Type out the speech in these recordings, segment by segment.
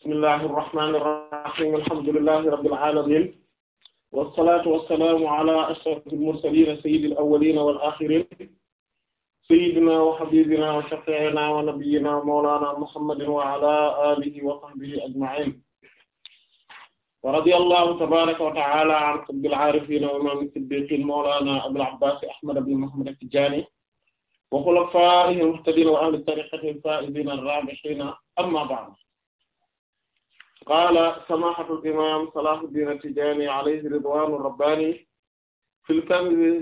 bismillahir rahmanir rahim alhamdulillahi rabbil alamin wassalatu wassalamu ala ashrafil mursalin sayyidil awwalin wal akhirin sayyidina wa habibina wa shafi'ina wa nabiyyina mawlana muhammadin wa ala alihi wa sahbihi ajma'in wa radiyallahu tabaraka wa ta'ala an qutbil arifin wa imam siddiqin mawlana abul abbas ahmad ibn muhammad at-tijani wa khulafaihi al-muhtadin wa ahli tariqatihi al-faizin ar-rabihin amma ba'd qaala samaahatu imaam Salaahuddin At-Tijaani alayhi ridwaanu rabbaani fil kanzi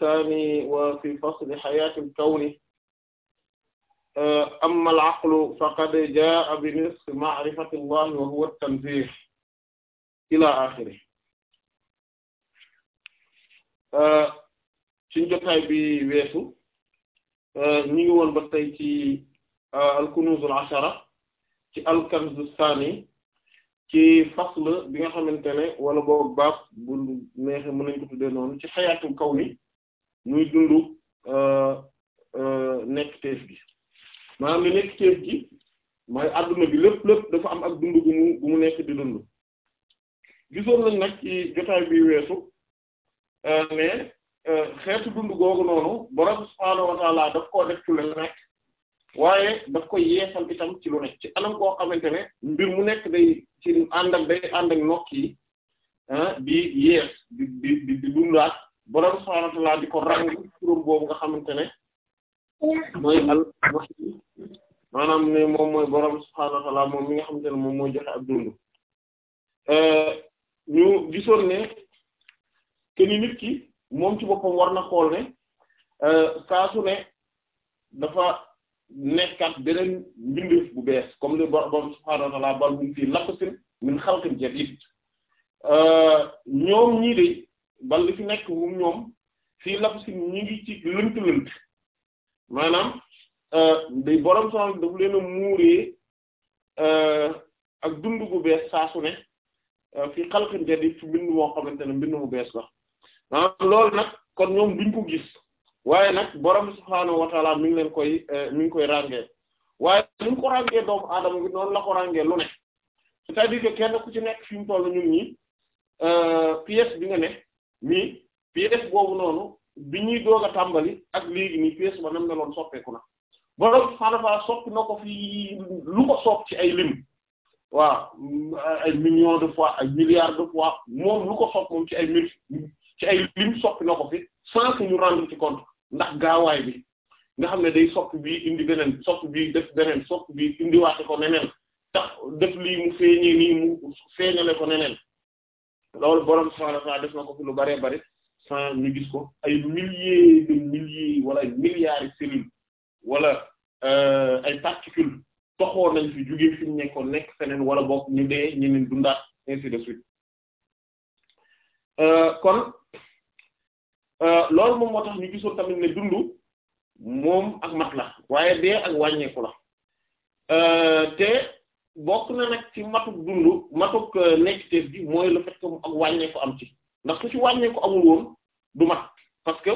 saani wa fi fasli hayaatil kawni amma al-aqlu faqad jaa'a bi nisfi ma'rifati Allahi wa huwa at-tanziih ilaa aaxirih ci jotaay bi weesu ñu ngi woon ba tey ci al-kunuuz al-ashara ci al-kanz as-saani ci la bi nga xamante ne wala boog baax bu neexe mën nañ ko tuddee noonu ci xayaatul kaw ni muy dundu euh, euh, nekk teef gi may àdduna gi mooy adduna bi lépp lépp dafa am ak dund gu mu gu mu nekk di dund gisoon nañ nag ci jotaay bi weesu mais euh, xeetu dund googu noonu borom subhaanahu wa ta'ala daf koo def ci lu nekk waaye daf koy yeesal itam ci lu ne ci anam koo xamante ne mbir mu nekk day ci ànd ak day ànd ak nokk yi ah, di yees di di di dundaat borom subhaanahu wa di ko rang turam boobu nga xamante ne mooy al maanaam ne moom mooy borom subhaanahu wa moom mi nga xamante ne moom mooy joxe ak dund eh, ñu gisoon ne ke nit ki moom ci boppam war na xool ne eh, saa ne dafa. nekkat beneen mbindeef bu bees comme li borom subhaanahu wa ta'aala bal hum fii naqsin min xalqin jadiid euh, ñoom ñii de bal li fi nekk moom ñoom fii naqsin ñi ngi ci lënt lënt maanaam euh, day borom subhaanahu daf leen a muuree euh, ak dund gu bees saa su ne fii xalqin jadiid ci mbind moo ne mbind mu bees la maanaam ah, nag kon ñoom duñ ko gis. waaye nag borom subhaanahu wa taala mi ngi leen koy eh, mi ngi koy ràngee waaye ni mu ko ràngee doomu aadama bi noonu la ko ràngee lu ne c'est-à-dire que kenn ku ci nekk fi mu toll ñun ñi eh, pièce bi nga ne nii pièce boobu noonu bi ñuy doog a tàmbali ak léegi nii pièce ba nam meloon soppeeku na borom subhaanahu wa soppi na ko fi lu ko sopp ci ay lim waaw ay millions de fois ay milliards de fois moom lu ko sopp moom ci ay mil ci ay lim soppi na ko fi sans ñu rendre ci compte ndax gaawaay bi nga xam ne day sopp bi indi beneen sopp bi def beneen sopp bi indiwaate ko neneen tax def li mu feeñee nii mu feeñale ko neneen loolu borom subhaanahu def na ko fi lu bëree bari sans ñu gis ko ay milliers de milliers wala ay milliards wala euh, ay particules toxoo nañ fi jugee fi mu nekk feneen wala bokk ñu dee ñeneen dundaat ainsi de suite euh, kon. Euh, loolu moom moo tax ni gisoon tamit ne dund moom ak mat la waaye dee ak wàññeeku la euh, te bokk na nag ci matuk dund matuk euh, nekkiteef gi mooy la fait ak wàññeeku am ci ndax su ci wàññeeku amul woon du mat parce que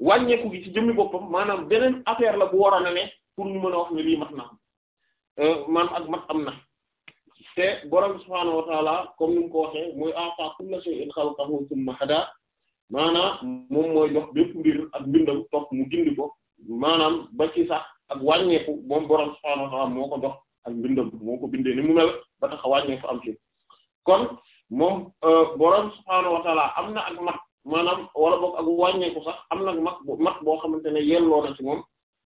wàññeeku gi ci jëmmi boppam maanaam beneen affaire la bu war na ne pour ñu mën a wax ne lii mat na maanaam ak mat am na te borom subhaanahu wa ta'ala comme ni mu ko waxee muy afa kullu shay'in khalqahu thumma hada maana moom mooy jox bépp mbir ak mbindam topp mu gindi ko maanaam ba ci sax ak wàññeeku moom borom subhaanahu wa ta'aala moo ko jox ak mbindam moo ko bindee ni mu mel ba tax a wàññeeku moom euh, borom subhaanahu am na ak maanaam wala boog wàññeeku sax am na ak mat mat boo xamante ne yelloo na ci moom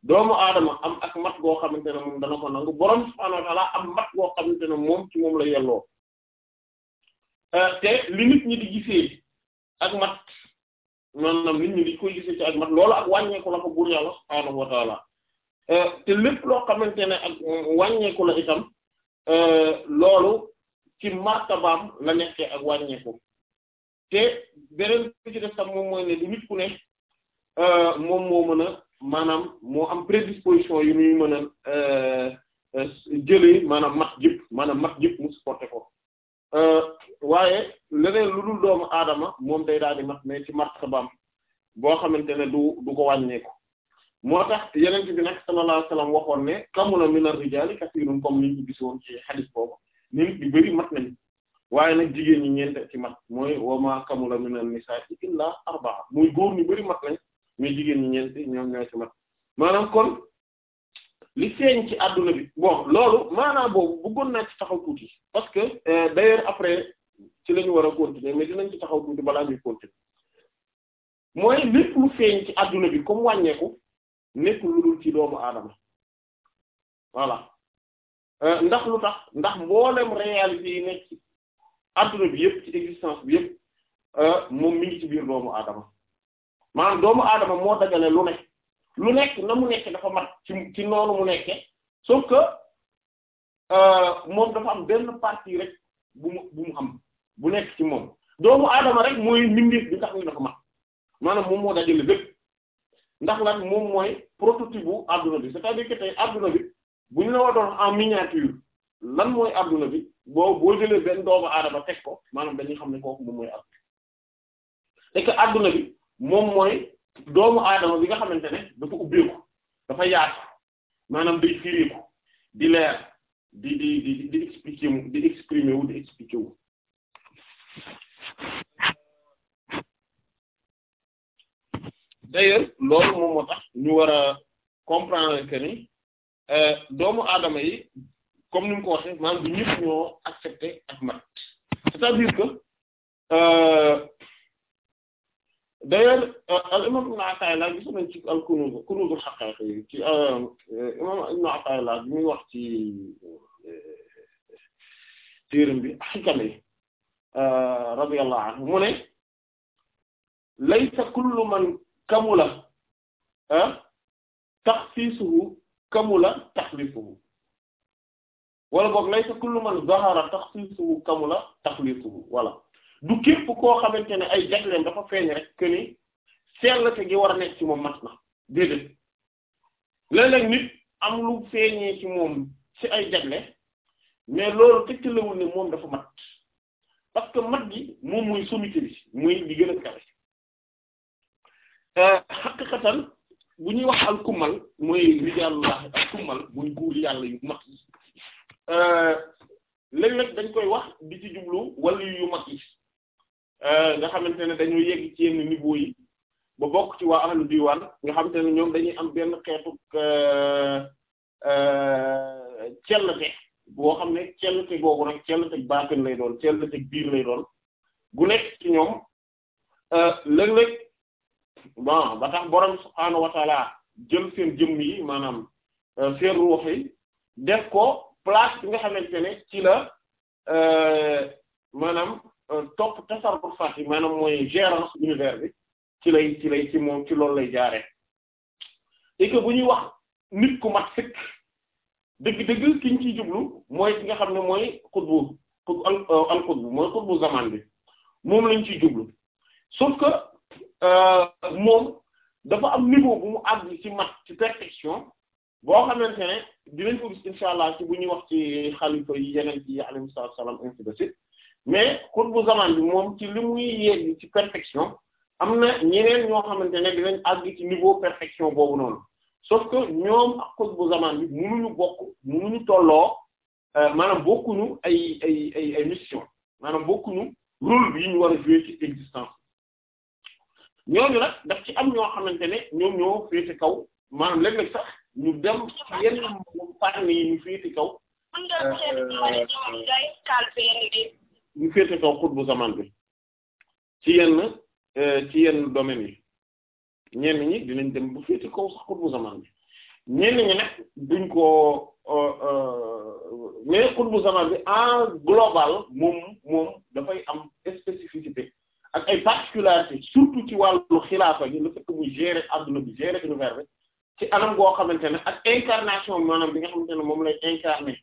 doomu aadama am ak mat goo xam ne moom ko nangu borom subhaanahu wa am mat goo xamante ne moom ci moom la yelloo euh, te li ñi di gisee ak mat. maanaam nit ñi liñ koy gisee ci ak mat loolu ak wàññeeku la ko buur yàlla subhaanahu wa taala euh, te lépp loo xamante ne ak euh, wàññeeku la itam euh, loolu ci martabaam la nekkee ak wàññeeku te beneen bi ci def tam moom mooy ne du nit ku ne moom moo mën a maanaam moo am prédisposition yu muy mën a jëlee maanaam mat jëpp maanaam mat jëpp mu supporté ko waaye doomu aadama moom day daal di mat mais ci martabaam boo xamante ne du du ko wàññeeku moo tax yeneen bi nag sallallahu alayhi wasallam waxoon ne kamula minar rijaali kasiirun comme ni ñu gisoon ci xadis boobu nit ñu bari mat nañu waaye nag jigéen ñi ñeent ci mat mooy wama kamula minan nisaai illa arbaa muy góor ñu bari mat nañ mais jigéen ñi ñeent ñoom ñoo ci mat maanaam kon li feeñ ci àdduna bi bon loolu maanaam boobu bëggoon naa ci taxaw tuuti parce que euh, d'ailleurs ci la ñu war a continuer mais dinañ ci taxaw tuuti balaa ñuy continuer mooy lépp lu feeñ ci adduna bi comme wàññeeku nekk lu dul ci doomu aadama voilà euh, ndax lu tax ndax mboolem réalité yi nekk ci adduna bi yëpp ci existence yëpp euh, moom mi doomu aadama maanaam doomu aadama moo dajale lu nekk lu nekk na mu nekk dafa mat ci ci noonu mu nekkee sauf que euh, moom dafa am benn partie rek bu mu bu mu am bu nekk ci moom doomu aadama rek mooy mbindeef bi tax ñu dafa mat maanaam moom moo dajale lépp ndax lan moom mooy prototype bu adduna bi c'est-à-dire bi bu la war doon en lan mooy adduna bi boo boo benn doomu aadama teg ko maanaam dañuy xam ne kooku moom mooy adduna bi moom mooy doomu aadama bi nga xamante ne dafa ubbeeku dafa yaatu maanaam day fireeku di leer di di di di di exprimer di expliquer d'ailleurs loolu moom moo tax ñu war a comprendre que euh, doomu aadama yi comme ni ko waxee maanaam du ñëpp ñoo accepté ak mat c'est-à-dire que euh, d'ailleurs euh, al imam ibn Ata'illah gis nañ ci al Kunûz Kunûzul Haqqâqi ci imam ibn Ata'illah bi muy wax ci téeram bi xikam yi radiyallahu anhu mu ne laysa kullu man kamula taxsiisuhu kamula taxliisuhu wala boog laysa kullu man zahara taxsiisuhu kamula taxliisuhu wala du képp koo xamante ne ay jagleen dafa feeñ rek que ni sellte gi war a nekk ci moom mat na déedéet léeg nit am lu feeñee ci moom ci ay jagle mais loolu tekkalewul ne moom dafa mat parce que mat gi moom mooy sommité mooy li gën a kawe xaqiqatan euh, bu ñuy wax al kumal mooy rijaal Allah al kumal mooy góor yàlla yu mag yi euh, léeg-léeg dañ koy wax di ci jublu wala yu mag yi euh, nga xamante ne dañoo yegg ci yenn niveau yi ba bokk ci waa ahlu diwaan nga xamante ne ñoom dañuy am benn xeetu cell te boo xam ne cellteg googu nag cellteg baatin lay doon cellteg biir lay doon gu ci ñoom euh, léeg-léeg bon ba tax borom subhaanahu wa jël seen jëmm yi maanaam euh, seen ruux def ko place bi nga xamante ne ci la euh, maanaam topp tasarruf sax yi maanaam mooy gérance univers bi ci lay ci lay ci moom ci loolu lay jaare et bu ñuy wax nit ku mat sëkk dëgg-dëgg ki ñu ciy jublu mooy ki nga xam ne mooy xutbu euh, al xutbu mooy xutbu zaman bi moom lañ ciy jublu sauf que euh, moom dafa am niveau bu mu àgg ci mat ci perfection boo xamante ne di nañ gis incha allah ci bu ñuy wax ci xalifa yi yeneen ci alayhi salaatu wa salaam ainsi de suite mais zaman bi moom ci li muy yegg ci perfection am na ñeneen ñoo xamante ne dinañ àgg ci niveau perfection boobu noonu sauf que ñoom ak xutbu zaman bi mënuñu bokk mënuñu tolloo euh, maanaam bokkuñu ay ay ay mission maanaam bokkuñu rôle yi ñu war a jouer ci existence am ñoo xamante ne ñoom ñoo féete kaw maanaam léeg-léeg sax ñu dem yenn fànn yi ñu féete kaw euh, euh, ñu féete kaw xutbu zaman bi ci yenn ci yenn domaines yi ñenn ñi dinañ dem bu féete kaw sax xutbu zaman bi ñenn ñi nag duñ ko euh, euh, mais xutbu zaman bi ah global moom moom dafay am spécificité ak ay particularité surtout ci wàllu xilaafa gi le fait que muy gérer adduna bi gérer univers bi ci anam goo xamante ne ak incarnation maanaam bi nga xamante ne moom lay incarner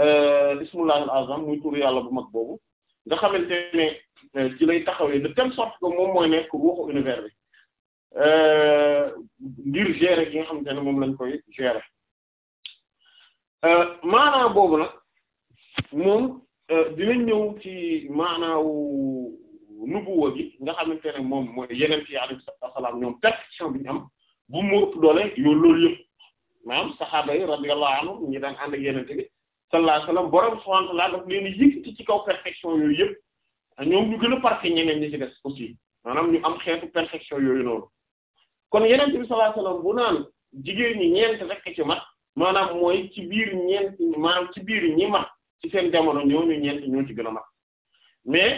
euh, bismillahil azam muy tur yàlla bu mag boobu nga xamante ne ci lay taxawee de telle sorte que moom mooy nekk ruuxu univers bi Euh, ngir gérer gi nga xam xamante ne moom lañ koy gérer euh, maanaa boobu na moom euh, dinañ ñëw ci maanaawu nubuwa gi nga xamante ne moom mooy yeneen ci alayhi salaam ñoom perfection bi ñu am bu mu ëpp doole yow loolu yëpp maanaam saxaaba yi radiyallahu anhum ñi daan ànd ak yeneen bi sallallahu alayhi wasallam borom subhanahu wa ta'ala daf ci kaw perfection yooyu yëpp ñoom ñu gën a parfait ñeneen ñi ci des aussi maanaam ñu am xeetu perfection yooyu noonu kon yeneen bi sallallahu alayhi wasallam bu naan jigéen ñi ñeent rekk ci mat maanaam mooy ci biir ñeent maanaam ci biir ñi mat ci seen jamono ñooñu ñeent ñoo ci gën a mat mais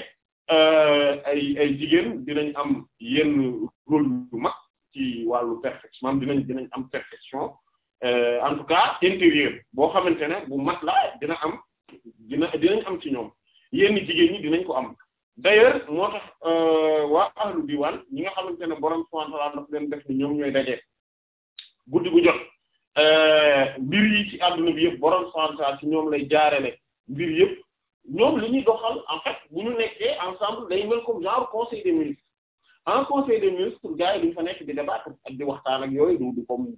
euh, ay ay jigéen dinañ am yenn rôle yu ci wàllu perfection maanaam dinañ dinañ am perfection euh, en tout cas intérieur boo xamante ne bu mat la dina am dina dinañ am ci ñoom yenn jigéen ñi dinañ ko am d'ailleurs moo tax euh, waa ahlu diwaan ñi nga xamante ne borom subhanahu wa ta'ala daf leen def ni ñoom ñooy daje guddi gu jot euh, mbir yi ci àdduna bi yëpp borom subhanahu wa ta'ala ñoom lay jaarale mbir yëpp ñoom li ñuy doxal en fait bu ñu nekkee ensemble day mel comme genre conseil des ministres en conseil des ministres gars ak di waxtaan ak yooyu du du comme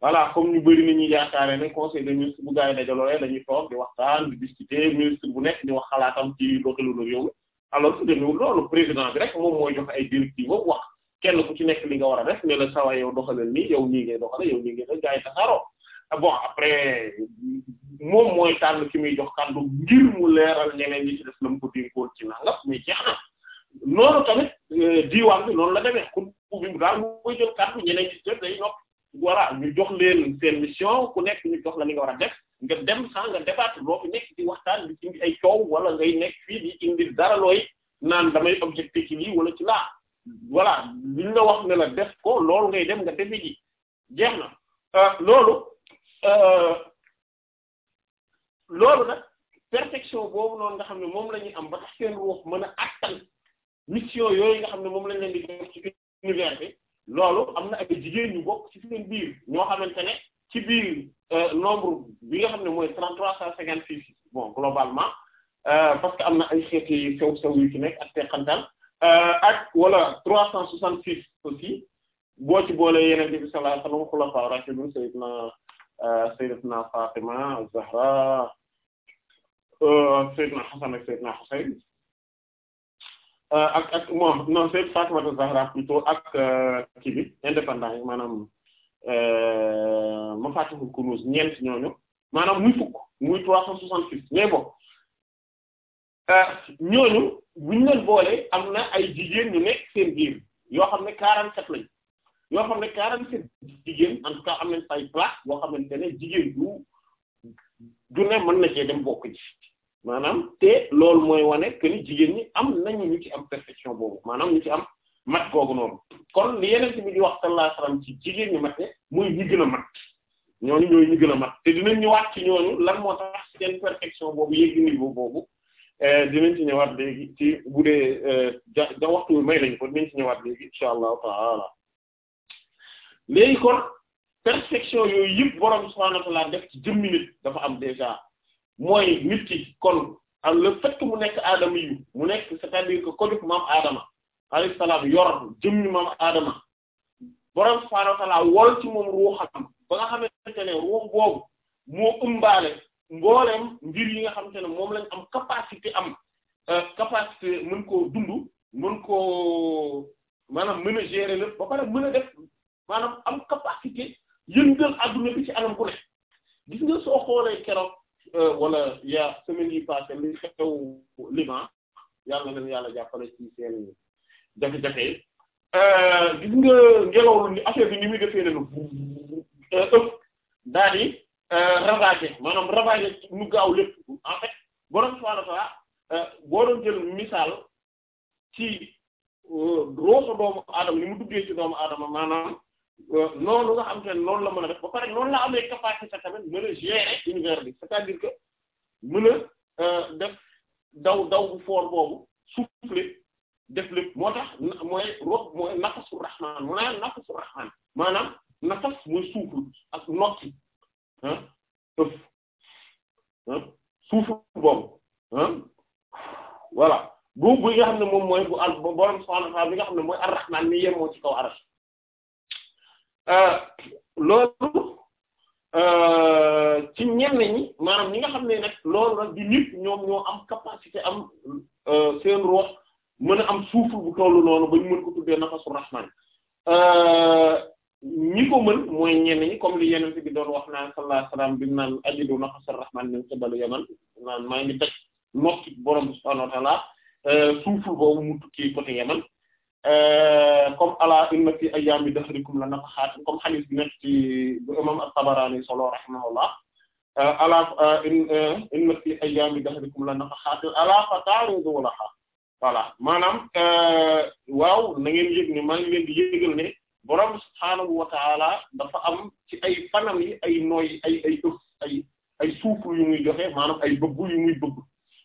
voilà comme ñu ñuy yaakaare ne conseil des ministres bu gars yi dañuy toog di waxtaan di discuter ministre bu nekk di wax xalaatam ci loolu réew mi alors su demewul loolu président bi rek moom mooy joxe ay directives moom wax kenn ku ci nekk li nga war a def ne la sawa yow doxalal nii yow nii ngay doxale yow nii ngay dox gaa yi tasaaroo ah bon après moom mooy tànn ki muy jox kàddu ngir mu leeral ñeneen la mu ko dénkoon ci nangam mais jeex na noonu tamit euh, diwaan bi noonu la demee ku bi mu daal mooy jël kàddu ñeneen ñi ci def day nopp voilà ñu jox leen seen mission ku nekk ñu jox la li nga war a def nga dem sans nga débattre boo fi nekk di waxtaan di indi ay coow wala ngay nekk fii di indi dara looy naan damay objecté ci lii walla ci laa voilà liñ la wax ne la def ko loolu ngay dem nga defe ji jeex na euh, loolu euh, loolu nag perfection boobu noonu nga xam ne moom la ñuy am ba tax seen ruux mën a attan mission yooyu nga xam ne moom lañ leen di loolu am na ay jigéen yu bokk ci seen biir ñoo xamante ne ci biir Euh, nombre bi nga xam ne mooy trente trois cent cinquante six bon globalement euh, parce que am na ay xeeti sew sew yu ci nekk ak teqantal euh, ak wala trois cent soixante six aussi boo ci boole yeneen bi sallallahu alayhi wa sallam xulafaa rashidun sayyidna sayyidatna Fatima Zahra sayyidna Hasan ak sayyidna Husayn ak ak moom non sayyid Fatima Zahra plutôt ak kii bi indépendant yi maanaam Euh, Mafatihul Kunuz ñeent ñooñu maanaam muy fukk muy trois cent soixante-six mais bon euh, ñooñu ñu leen boolee am na ay jigéen ñu ne seen biir yoo xam ne quarante-sept lañ yoo xam ne quarante-sept jigéen en tout cas am nañ say place boo xamante ne jigéen du du ne mën na cee dem bokk ji maanaam te loolu mooy wane que ni jigéen ñi am nañu ñu ci am perfection boobu maanaam ñu ci am mat kooku noonu kon li yeneen ci bi di wax sallallahu alayhi ci jigéen ñi mat ne muy ñi gën a mat ñooñu ñooy ñi gën mat te dinañ ñëwaat ci ñooñu lan moo tax seen perfection boobu yéeg niveau boobu eh, dinañ ci ñëwaat léegi ci bu dee eh, ja ja waxtu ñëwaat léegi insha allah taala léegi kon perfection yooyu yëpp borom subhaanahu wa ta'aala def ci jëmmi nit dafa am déjà mooy nit ci kon am le fait mu nekk aadama yu mu nekk cest à ko def maam aadama alayhi salaam yor jëmmi maam Adama borom subhaanahu wa ta'aala wol ci moom ruuxam ba nga xamante ne ruux boobu moo ëmbaale mbooleem mbir yi nga xamante ne moom lañ am capacité am euh, capacité mën koo dund mën koo maanaam mën a gérer ba pare mën a def maanaam am capacité yëngal adduna bi ci anam ku ne gis nga soo xoolee keroog euh, wala yaa semaine yi passé li xew Liban yàlla na leen yàlla jàppale ci seen jafe-jafe yi euh, nga ngelaw li affaire bi ni muy defee leen euh, ëpp daal di euh, ravager maanaam ravager mu gaaw lépp en fait borom subhaanahu wa ta'aala boo doon jël misaal ci roosa doomu aadama ni mu duggee ci doomu aadama maanaam noonu nga xam te noonu la mën a def ba pare noonu la amee capacité tamit mën a gérer univers bi cest à que mën a def daw daw bu fort boobu souffler. def lépp moo tax mooy rob mooy nafasu rahmaan mu naan nafasu rahmaan maanaam nafas mooy suuful ak nokki ah ëf ah suuful boobu ah voilà boobu bi nga xam ne moom mooy bu al borom subhaanahu wa ta'aala bi nga xam ne mooy ar-rahmaan mi yemoo ci kaw arash euh, loolu euh, ci ñenn ñi maanaam ñi nga xam ne nag loolu nag di nit ñoom ñoo am capacité am euh, seen roox mën a am souffle bu tollu noonu ba ñu mën ko tuddee nafasu rahman euh, ñi ko mën mooy ñenn ñi li yeneen bi wax naan sallallahu alayhi wasallam bi ajidu nafasu rahman min qibal yaman naan maa ngi teg nokki borom subhanahu wa ta'ala euh, souffle boobu mu tukki côté yaman euh, comme ala inna fi ayyaami dahrikum la nafahaat comme hadith bi nekk ci bu imam at-Tabarani solo rahimahullah ala inna fi ayyaami dahrikum la voilà maanaam euh, waaw na ngeen yëg ne maa ngi leen di yëgal ne borom subhaanahu wa dafa am ci ay fanam yi ay nooy ay ay ëf ay ay souffle yu muy joxe maanaam ay bëggu yu muy bëgg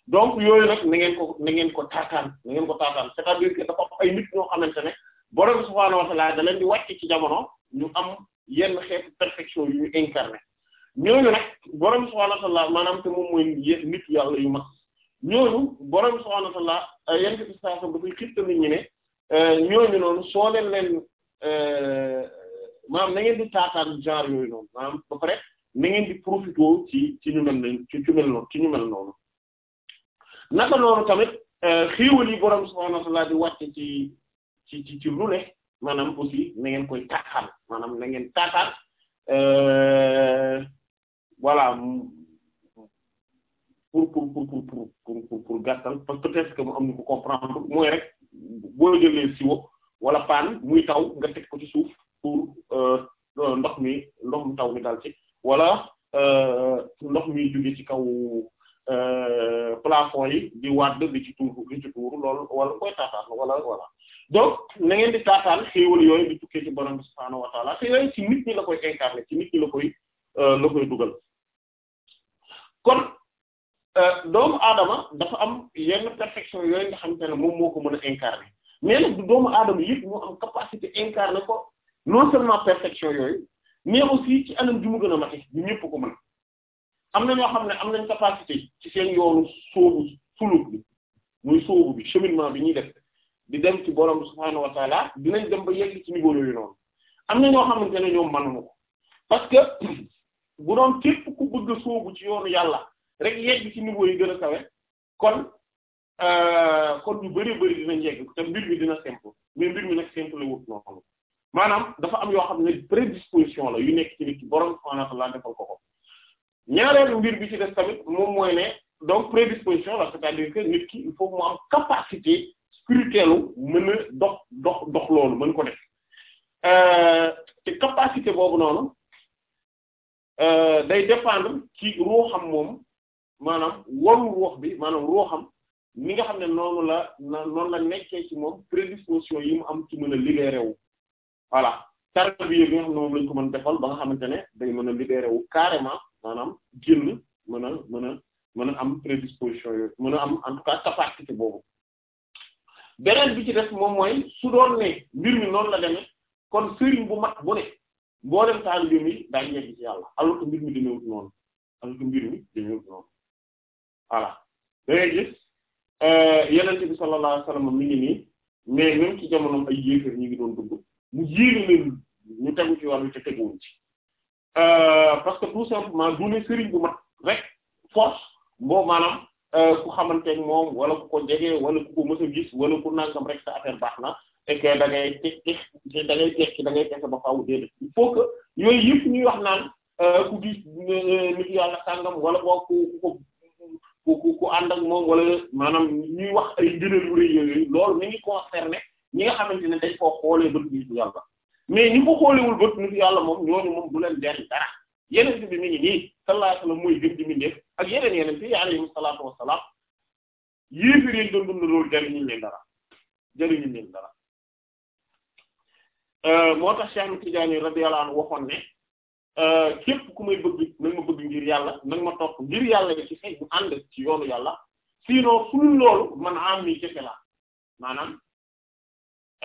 donc yooyu nag na ngeen ko na ngeen ko taataan na ngeen ko taataan c'est-à-dire que dafa ay nit ñoo xamante ne borom subhaanahu wa taala da leen di wàcc ci jamono ñu am yenn xeet perfection yu ñu incarné ñooñu nag borom subhaanahu wa taala maanaam te moom mooy nit yàlla yu mag. ñooñu borom subhaanahu wa ta'aala euh, yent bi sallallahu alayhi wa sallam dafay xirtal ñi ne euh, ñooñu noonu soo leen leen euh, maam na ngeen di taataan genre yooyu noonu ba pare na ngeen di profiter ci ci ñu mel ne ci ci mel noonu ci ñu mel noonu naka noonu tamit xéewal yi borom subhaanahu wa di wàcce ci ci ci ci lu ne maanaam aussi na ngeen koy taataan maanaam na ngeen taataan voilà. pour pour pour pour pour pour gàttal parce que peut-être que mu am ñu ko comprendre mooy rek boo jëlee siwo wala paan muy taw nga teg ko ci suuf pour euh, ndox mi ndox mu taw mi dal ci wala euh, ndox mi jóge ci kaw euh, plafond yi di wàdd di ci tuuru di ci tuuru loolu wala koy taataan wala voilà donc na ngeen di taataan xéewal yooyu di tukkee ci borom bi subhaanahu wa ta'ala te yooyu ci nit ñi la koy incarner ci nit ñi la koy la koy dugal kon Euh, doomu aadama dafa am yenn perfection yooyu nga xamante ne moom moo ko mën a incarné mais nag du doomu aadama yëpp moo am capacité incarné ko non seulement perfection yooyu mais aussi ci anam ju mu gën a mate ñu ñëpp ko man am na ñoo xam ne am nañ capacité ci seen yoonu sóobu suluk bi muy sóobu bi ñuy def di dem ci borom subhaanahu wa taala dinañ dem ba yegg ci am na ñoo xamante ne ñoom mënuñu ko parce que bu doon képp ku bëgg a ci yoonu yàlla rek yegg ci niveau yi gën a kawe kon euh, kon yu bëree bëri dinañ yegg te mbir mi dina simple mais mbir mi nag simple wut noonu maanaam dafa am yoo xam ne prédisposition la yu nekk ci nit ki ko ko ñaareelu mbir bi ci des tamit moom mooy donc prédisposition la c'est-à-dire que nit ki il faut mu am capacité loolu mën ko def euh, te capacité boobu noonu euh, day dépendre ci ruuxam moom maanaam warul ruux bi maanaam ruuxam mi nga xam ne noonu la noonu la nekkee ci moom prédisposition yi mu am ci mën a libéré wu voilà tarbiya bi nga xam ne moom lañ ko mën defal ba nga xamante ne day mën a libéré wu carrément maanaam génn mën a mën a mën a am prédisposition yooyu mën a am en tout cas capacité boobu beneen bi ci def moom mooy su doon ne mbir mi noonu la demee kon sëriñ bu mat bu ne boo dem taal mbir mi daañu ci yàlla all que mbir mi dañoo wut voilà da gis euh, yeneen bi sallallahu alayhi wasallam mi ngi nii mais même ci jamonoom ay yéefar ñu ngi doon dugg mu jiitu leen ñu tegu ci wàllu te teguwuñ ci euh, parce que tout simplement du ne sëriñ bu mat rek force boo maanaam euh, ku xamanteeg moom wala ku ko jege wala ku ko mës gis wala ku nangam rek sa affaire baax na et que da ngay te da ngay tekki da ngay tekki ba faaw déedéet il faut que yooyu yëpp ñuy wax naan ku gis nit yàlla sàngam wala boo ku ku ku ku ànd ak moom wala maanaam ñuy wax ay ngëneel yu rëy yooyu loolu mi ngi concerné ñi nga xamante ne dañ koo xoolee bët bi su yàlla mais ñi ko xoolewul bët nitu yàlla moom ñooñu moom du leen jariñ dara yeneen bi mi ngi nii sallallahu alayhi wasallam mooy gën di mindeef ak yeneen yeneen fi alayhi salaatu wassalaam yéefi réen doon dund loolu jariñuñ leen dara jariñuñ leen dara euh, moo tax Cheikh Tidiane radiyallahu anhu waxoon ne Euh, képp ku may bëgg na ma bëgg ngir yàlla na ma topp ngir yàlla bi ci xëy bu ànd ci yoonu yàlla sinon fu dul loolu man am mi jëfe la maanaam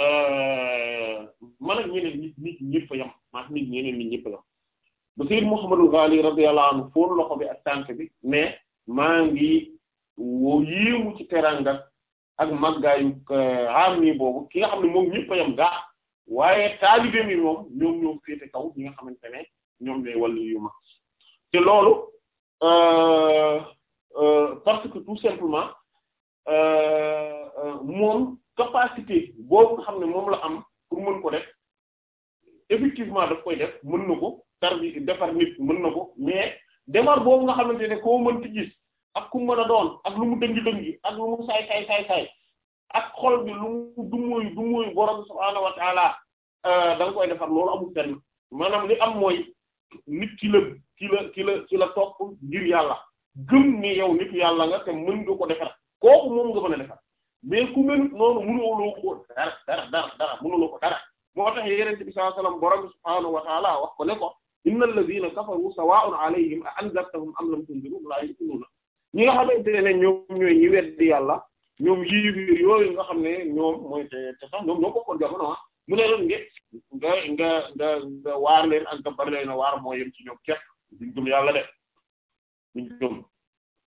euh, man ak ñeneen nit nit ñëpp a yem maa nit ñeneen nit ñëpp a yem ba Sayyid Muhammadul Ghali radiyallahu anhu fóon loxo bi ak tànk bi mais maa ngi woo yéemu ci teranga ak màggaayu euh, am yi boobu ki nga xam ne moom ñëpp a yem gaa waaye taalibe mi moom ñoom ñoom féete kaw ñi nga xamante ne ñoom ñooy wàllu yu ma te loolu euh, euh, parce que tout simplement euh, moom capacité boobu nga xam ne moom la am pour mën ko def effectivement daf koy def mën na ko tar bi defar nit mën na ko mais demar boobu nga xamante ne koo mënti gis ak ku mën a doon ak lu mu dëngi-dëngi ak lu mu saay saay saay ak xol bi lu mu dumóoyu dumóoyu borom subhaanahu wa taala da nga koy defar loolu amul fenn maanaam li am mooy nit ki la ki la ki la ki la topp ngir yàlla gëm ne yow yàlla nga te mën nga ko defar kooku moom nga mën a defar mais ku mel noonu mënuloo ko dara dara dara dara mënuloo ko dara moo tax yonent bi sallallahu alayhi wasallam borom subhaanahu wa ta'ala wax ko ne ko innal ladhina kafaru sawa'un alayhim a anzartahum am lam tunzirhum la yu'minuna ñi nga xamante ne ñoom ñooy ñi weddi yàlla ñoom yii yooyu nga xam ne ñoom mooy te te sax ñoom ñoo bokkoon jamono ah mu ne leen nga nga nga nga waar leen ak nga bari leen waar moo yem ci ñoom képp duñ gëm yàlla def duñ gëm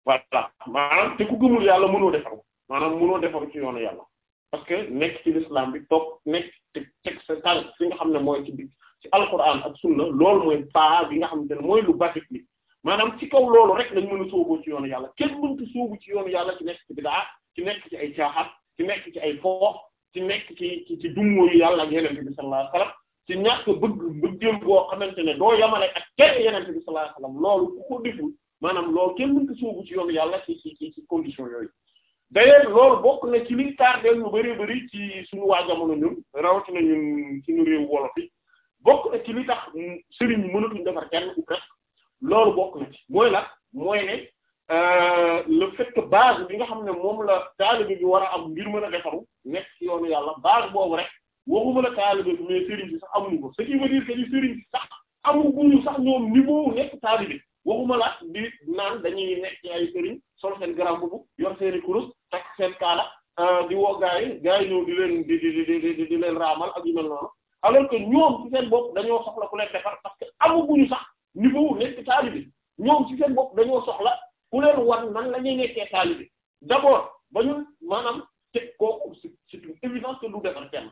voilà maanaam te ku gëmul yàlla mënoo defar maanaam mënoo defaru ci yoonu yàlla parce que nekk ci l'islam bi toog nekk te teg sa tànk fi nga xam ne mooy ci ci alquran ak sunna loolu mooy paa bi nga xamante ne mooy lu basit li maanaam ci kaw loolu rek lañ mën a sóoboo ci yoonu yàlla kenn mënut a ci yoonu yàlla ci nekk ci bidaa ci nekk ci ay caaxaat ci nekk ci ay foox ci nekk ci ci ci dummóoyu yàlla ak yeneen bi sallallahu alayhi wasallam ci ñàkk bëgg bëggeel boo xamante ne doo yamale ak kenn yeneen bi sallallahu alayhi wasallam loolu ku ko deful maanaam loolu kenn mën ko ci yoonu yàlla ci ci ci ci condition yooyu d'ailleurs loolu bokk na ci li liy tardeel lu bari bari ci suñu waa jamono ñun rawatina ñun suñu réew wolof bokk na ci li tax sëriñ mënatuñ defar kenn ku presque loolu bokk na ci mooy la mooy ne Euh, le fait que bi nga xam ne moom la taalibe bi war a am ngir mën a defaru nekk ci yoonu yàlla base boobu rek waxuma la taalibe bi mais sëriñ bi sax amuñu ko ce qui veut dire sax amuñu sax ñoom niveau nekk taalibe waxuma la di naan dañuy nekk ci ay sëriñ sol seen grand boubou yor seen i kurus takk seen kaala euh, di woo gaa yi gaa yi ñëw leen di di di di leen raamal ak yu mel noonu alors que ñoom ci seen bopp dañoo soxla ku leen defar parce que amuñu sax niveau nekk taalibe ñoom ci seen bopp dañoo soxla. ku leen wan nan la ñuy nekkee taalibe d'abord ba ñun maanaam teg kooku c'est une évidence que du defar kenn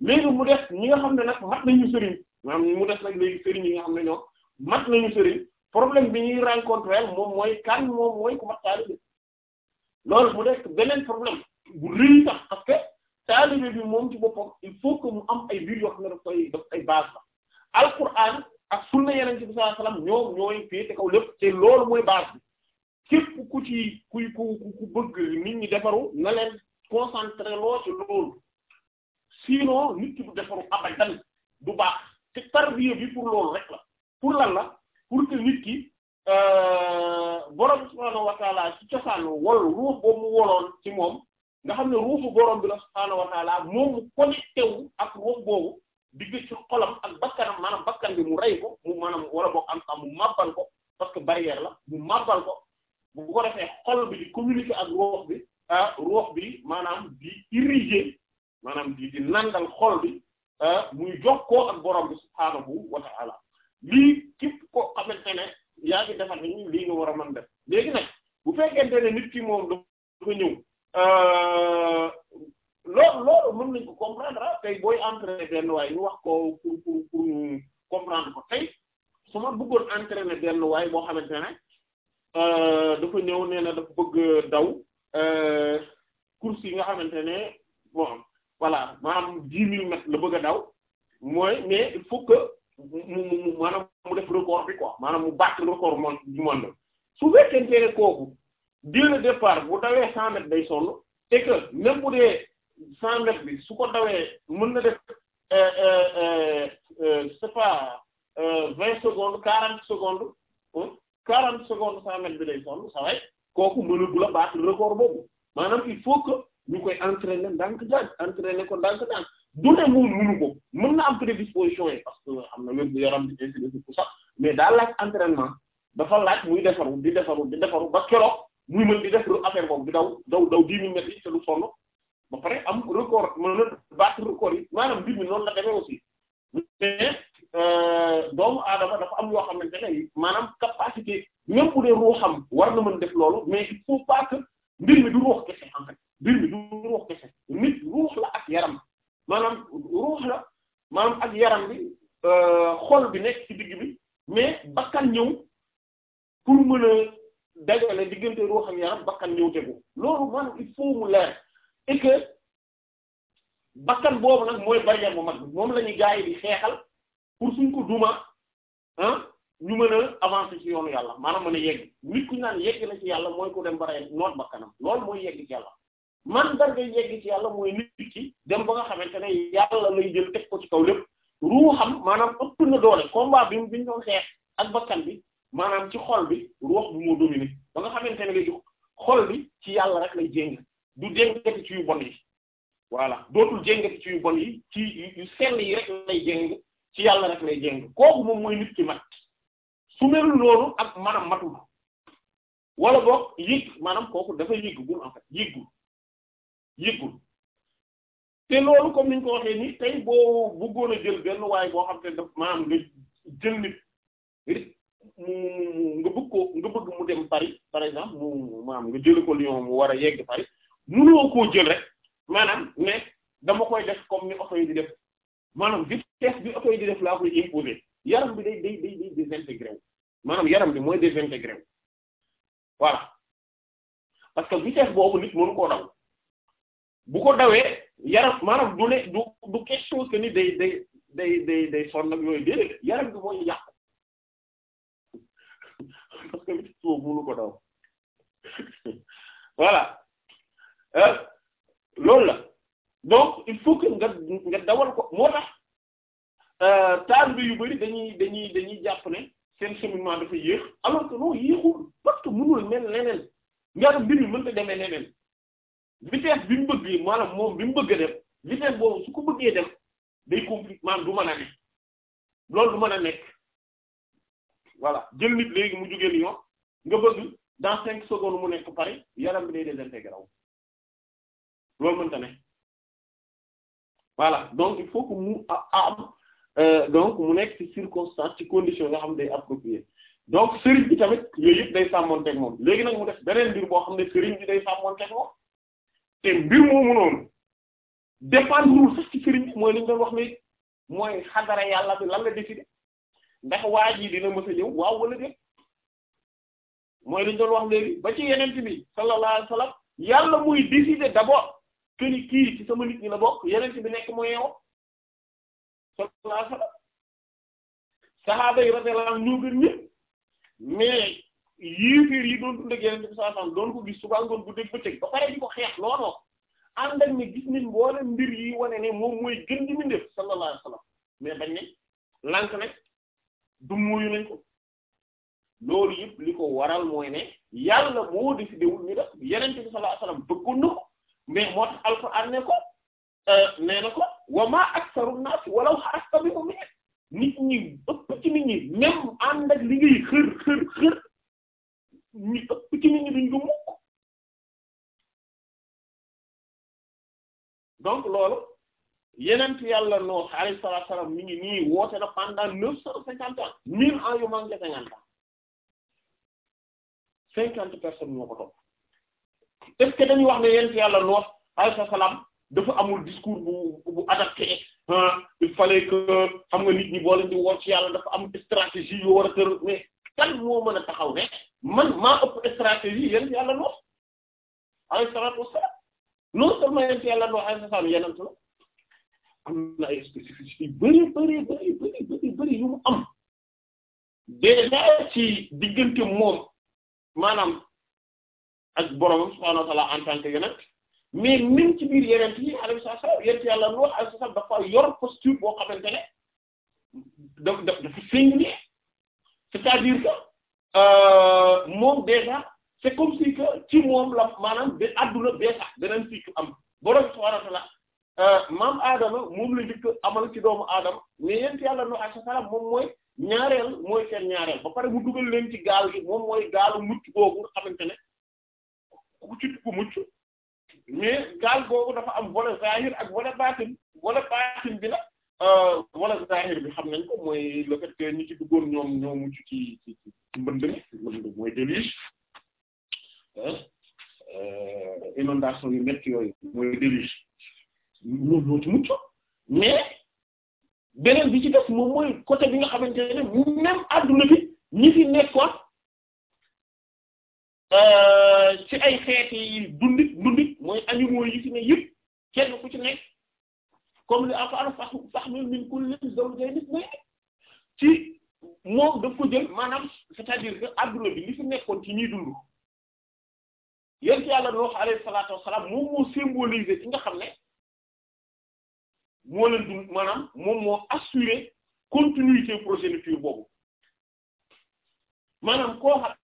léegi mu def ñi nga xam ne nag mat nañu sëriñ maanaam mu def nag léegi sëriñ ñi nga xam ne ñoom mat nañu sëriñ problème bi ñuy rencontrer moom mooy kan moom mooy ku mat taalibe loolu mu nekk beneen problème bu rëy tax parce que taalibe bi moom ci boppam il faut que mu am ay mbir yoo xam ne daf koy daf ay base la alquran ak sunna yeneen ci bi sallallahu alayhi wasallam ñoom ñooy lépp te loolu mooy base képp ku ci kuy ku ku bëgg nit ñi defaru na leen concentré loo ci loolu sinon nit ki bu defaru abadan du baax te tarbiya bi pour loolu rek la pour lan la pour que nit ki euh, borom subhaanahu wa taala ci wol ruux boobu mu woloon ci moom nga xam ne ruuxu borom bi la subhaanahu wa taala moom mu connecté ak ruux boobu digg ci xolam ak bakkanam maanaam bakkan bi mu rey ko mu maanaam wala boog am am mu màbbal ko parce que barrière la mu màbbal ko bu ko defee xol bi di communiquer ak ruux bi ah ruux bi maanaam di irriguer maanaam di di nandal xol bi ah, muy jox koo ak boroom bi subhaanahu wa ta'ala lii képp koo xamante ne yaa ngi defar ni lii nga war a mën def léegi nag bu fekkente ne nit ki moom dafa ñëw ah, loolu loolu mën nañ ko comprendre ah tey booy entraîner benn waay ñu wax ko pour pour comprendre ko tey su ma bëggoon entraîner benn waay boo xamante ne. Euh, dafa ñëw nee na dafa bëgg daw euh, course yi nga xamante ne bon voilà maanaam dix mille mètres la bëgg a daw mooy mais il faut que mu mu maanaam mu def record bi quoi maanaam mu battre record monde du monde su fekkente ne kooku dès le départ bu dawee cent mètres day sonn et que même bu dee cent mètres bi su ko dawee mën na def euh, c'est pas vingt secondes quarante secondes 40 secondes 100 mètres bi lay sonn sa way kooku mënagul a baat record boobu maanaam il faut que ñu koy entraîner ndànk jàng entraîner ko ndànk jàng du ne moom mënu ko mën na am prédisposition yi parce que am na wér gu yaram bi ainsi de suite sax mais daa laaj entraînement dafa laaj muy defaru di defaru di defaru ba keroog muy mën di def affaire boobu di daw daw daw 10 000 mètres yi te du ba pare am record mën na battre record yi maanaam mbir mi noonu la demee aussi Euh, doomu aadama dafa am loo xam ne maanaam capacité même bu dee ruuxam war na mën def loolu mais il faut pas mbir mi du ruux kese en fait mbir mi du ruux kese nit ruux la ak yaram maanaam ruux la maanaam ak yaram bi euh, xol bi nekk ci digg bi mais bakkan ñëw pour mën a dajale diggante ruuxam yaram bakkan ñëw tegu loolu maanaam il faut mu leer et bakkan boobu nag mooy barrière bu mag bi moom la ñu gaa yi di xeexal pour suñ ko duma ah ñu mën a avancer ci yoonu yàlla maanaam mën a yegg nit ku naan yegg na ci yàlla mooy ko dem ba rey noot ba kanam loolu mooy yegg ci yàlla man da ngay yegg ci yàlla mooy nit ki dem ba nga xamante ne yàlla lay jël teg ko ci kaw lépp ruuxam maanaam ëpp na doole combat bi bi ñu xeex ak bakkan bi maanaam ci xol bi ruux bi moo dominé ba nga xamante ne léegi xol bi ci yàlla rek lay jéng du jéngati ci yu bon yi voilà dootul jéngati ci yu bon yi ci yu sell yi rek lay jéng ci yàlla rek lay jéng kooku moom mooy nit ki mat su melul loolu ak maanaam matul wala boog yëg maanaam kooku dafa yëggul en fait yëggul yëggul niñ ko waxee ni tey boo bëggoon a jël benn boo xam te daf maanaam nga jël nit nga bëgg ko nga bëgg mu dem Paris par exemple mu maanaam nga jële ko Lyon mu war a yegg Paris mënoo koo jël rek maanaam ne dama koy def comme ni oto yi def maanaam vitesse bi oto yi di def laa koy imposer yaram bi day day day day désintégré wu maanaam yaram bi mooy désintégré wu voilà parce que vitesse boobu nit mënu koo daw bu ko dawee yaram maanaam du ne du du quelque chose que ni day day day day day sonn ak yooyu déedéet yaram bi mooy yàq parce que vitesse boobu mënu ko daw voilà euh, loolu la. donc il faut que nga nga dawal ko moo tax euh, bi yu bari dañuy dañuy dañuy jàpp ne seen cheminement dafa yéex alors que non yéexul parce que mënul mel leneen ñaar mbir demee leneen vitesse bi mu bëgg maanaam moom bi bëgg a dem vitesse ko bëggee dem day compliqué maanaam du mën a loolu du mën a nekk voilà jël nit léegi mu jugee Lyon nga bëgg dans cinq secondes mu nekk pare yaram bi day désintégré wu loolu mënta ne. voilà donc il faut que mu am euh, donc mu nekk ci circonstance ci condition nga xam day approprié donc sëriñ bi tamit yooyu yëpp day sàmmanteeg moom léegi nag mu def beneen mbir boo xam ne sëriñ bi day sàmmanteeg moom te mbir moomu noonu dépendre sax ci sëriñ bi mooy li doon wax ne mooy xadara yàlla bi lan la décider ndax waa dina mës a ñëw waaw wala mooy li doon wax léegi ba ci yeneen bi sallallahu alayhi wasallam yàlla muy décider d'abord. këni kii ci sama nit ñi la bokk yeneen bi nekk mooy yow sallallahu alayhi wasallam saxaaba yi radiyallahu anhum gën ñëpp mais yéeféer yi doon dund yeneen bi sallallahu doon ko gis suba ngoon bu dégg bëccëg ba pare di ko xeex looloo ànd ak ne gis nañ boole mbir yi wane ne moom mooy gën di mu def sallallahu alayhi mais bañ ne lànk nag du muyu nañ ko loolu yëpp li ko waral mooy ne yàlla moo décidé wul ñu yeneen bi sallallahu alayhi na ko mais moo tax alxuraan ne ko euh, nee na ko wa maa aksaru naas walaw harasta bi mu'minin nit ñi ëpp ci nit ñi même ànd ak li ngay xër xër xër ñi ëpp ci nit ñi duñ ko mukk donc loolu yeneen yàlla noo alayhi salaatu salaam mi ngi nii woote na pendant neuf cent cinquante ans mille ans yu manqué cinquante ans cinquante personnes ñoo est-ce dañuy wax ne yent yàlla Nuux alayhi salaam dafa amul discours bu bu adapté il fallait que xam nga nit ñi boo leen di woo ci yàlla dafa am stratégie yoo war a tër mais kan moo taxaw maa ëpp stratégie yent yàlla Nuux alayhi salaatu wassalaam non am na ay spécificité yu bari bari bari bari bari bari yu mu am déjà ci diggante moom maanaam ak borom subhaanahu wa ta'aala en tant que mais même ci biir yonent yi alayhi salaam yonent yàlla Nuux alayhi salaam dafa yor posture boo xamante ne dafa dafa singulier c'est-à-dire que euh, moom déjà c'est comme si que ci moom la maanaam ba àdduna bee sax beneen cycle am borom subhaanahu wa ta'aala euh, maam Adama moom la njëkk amal ci doomu Adama mais yonent yàlla Nuux alayhi salaam moom mooy. ñaareel mooy seen ñaareel ba pare mu dugal leen ci gaal gi moom mooy gaalu mucc boobu ku ci dugg mucc mais gaal googu dafa am volet zahir ak volet baatin volet baatin bi nag euh, volet zahir bi xam nañ ko mooy le fait que ñi ci duggoon ñoom ñoo mucc ci ci ci mbënd mi euh, ci mucc mais bi ci def moom mooy côté bi nga xamante ne même adduna bi ñi fi nekkoon Euh, ci ay xeeti yi dundit dundit mooy animaux yi ci ne yëpp kenn ku ci nekk comme li alquran fahmil min kulli zawjayni ithnayn ci moom daf ko jël maanaam c'est-à-dire que adduna bi li fi nekkoon ci ñuy dund yéen ci yàlla wax alayhi salaatu wassalaam moom moo symbolisé ci xam ne moo leen dund maanaam moom moo assuré continuité progéniture boobu maanaam koo xam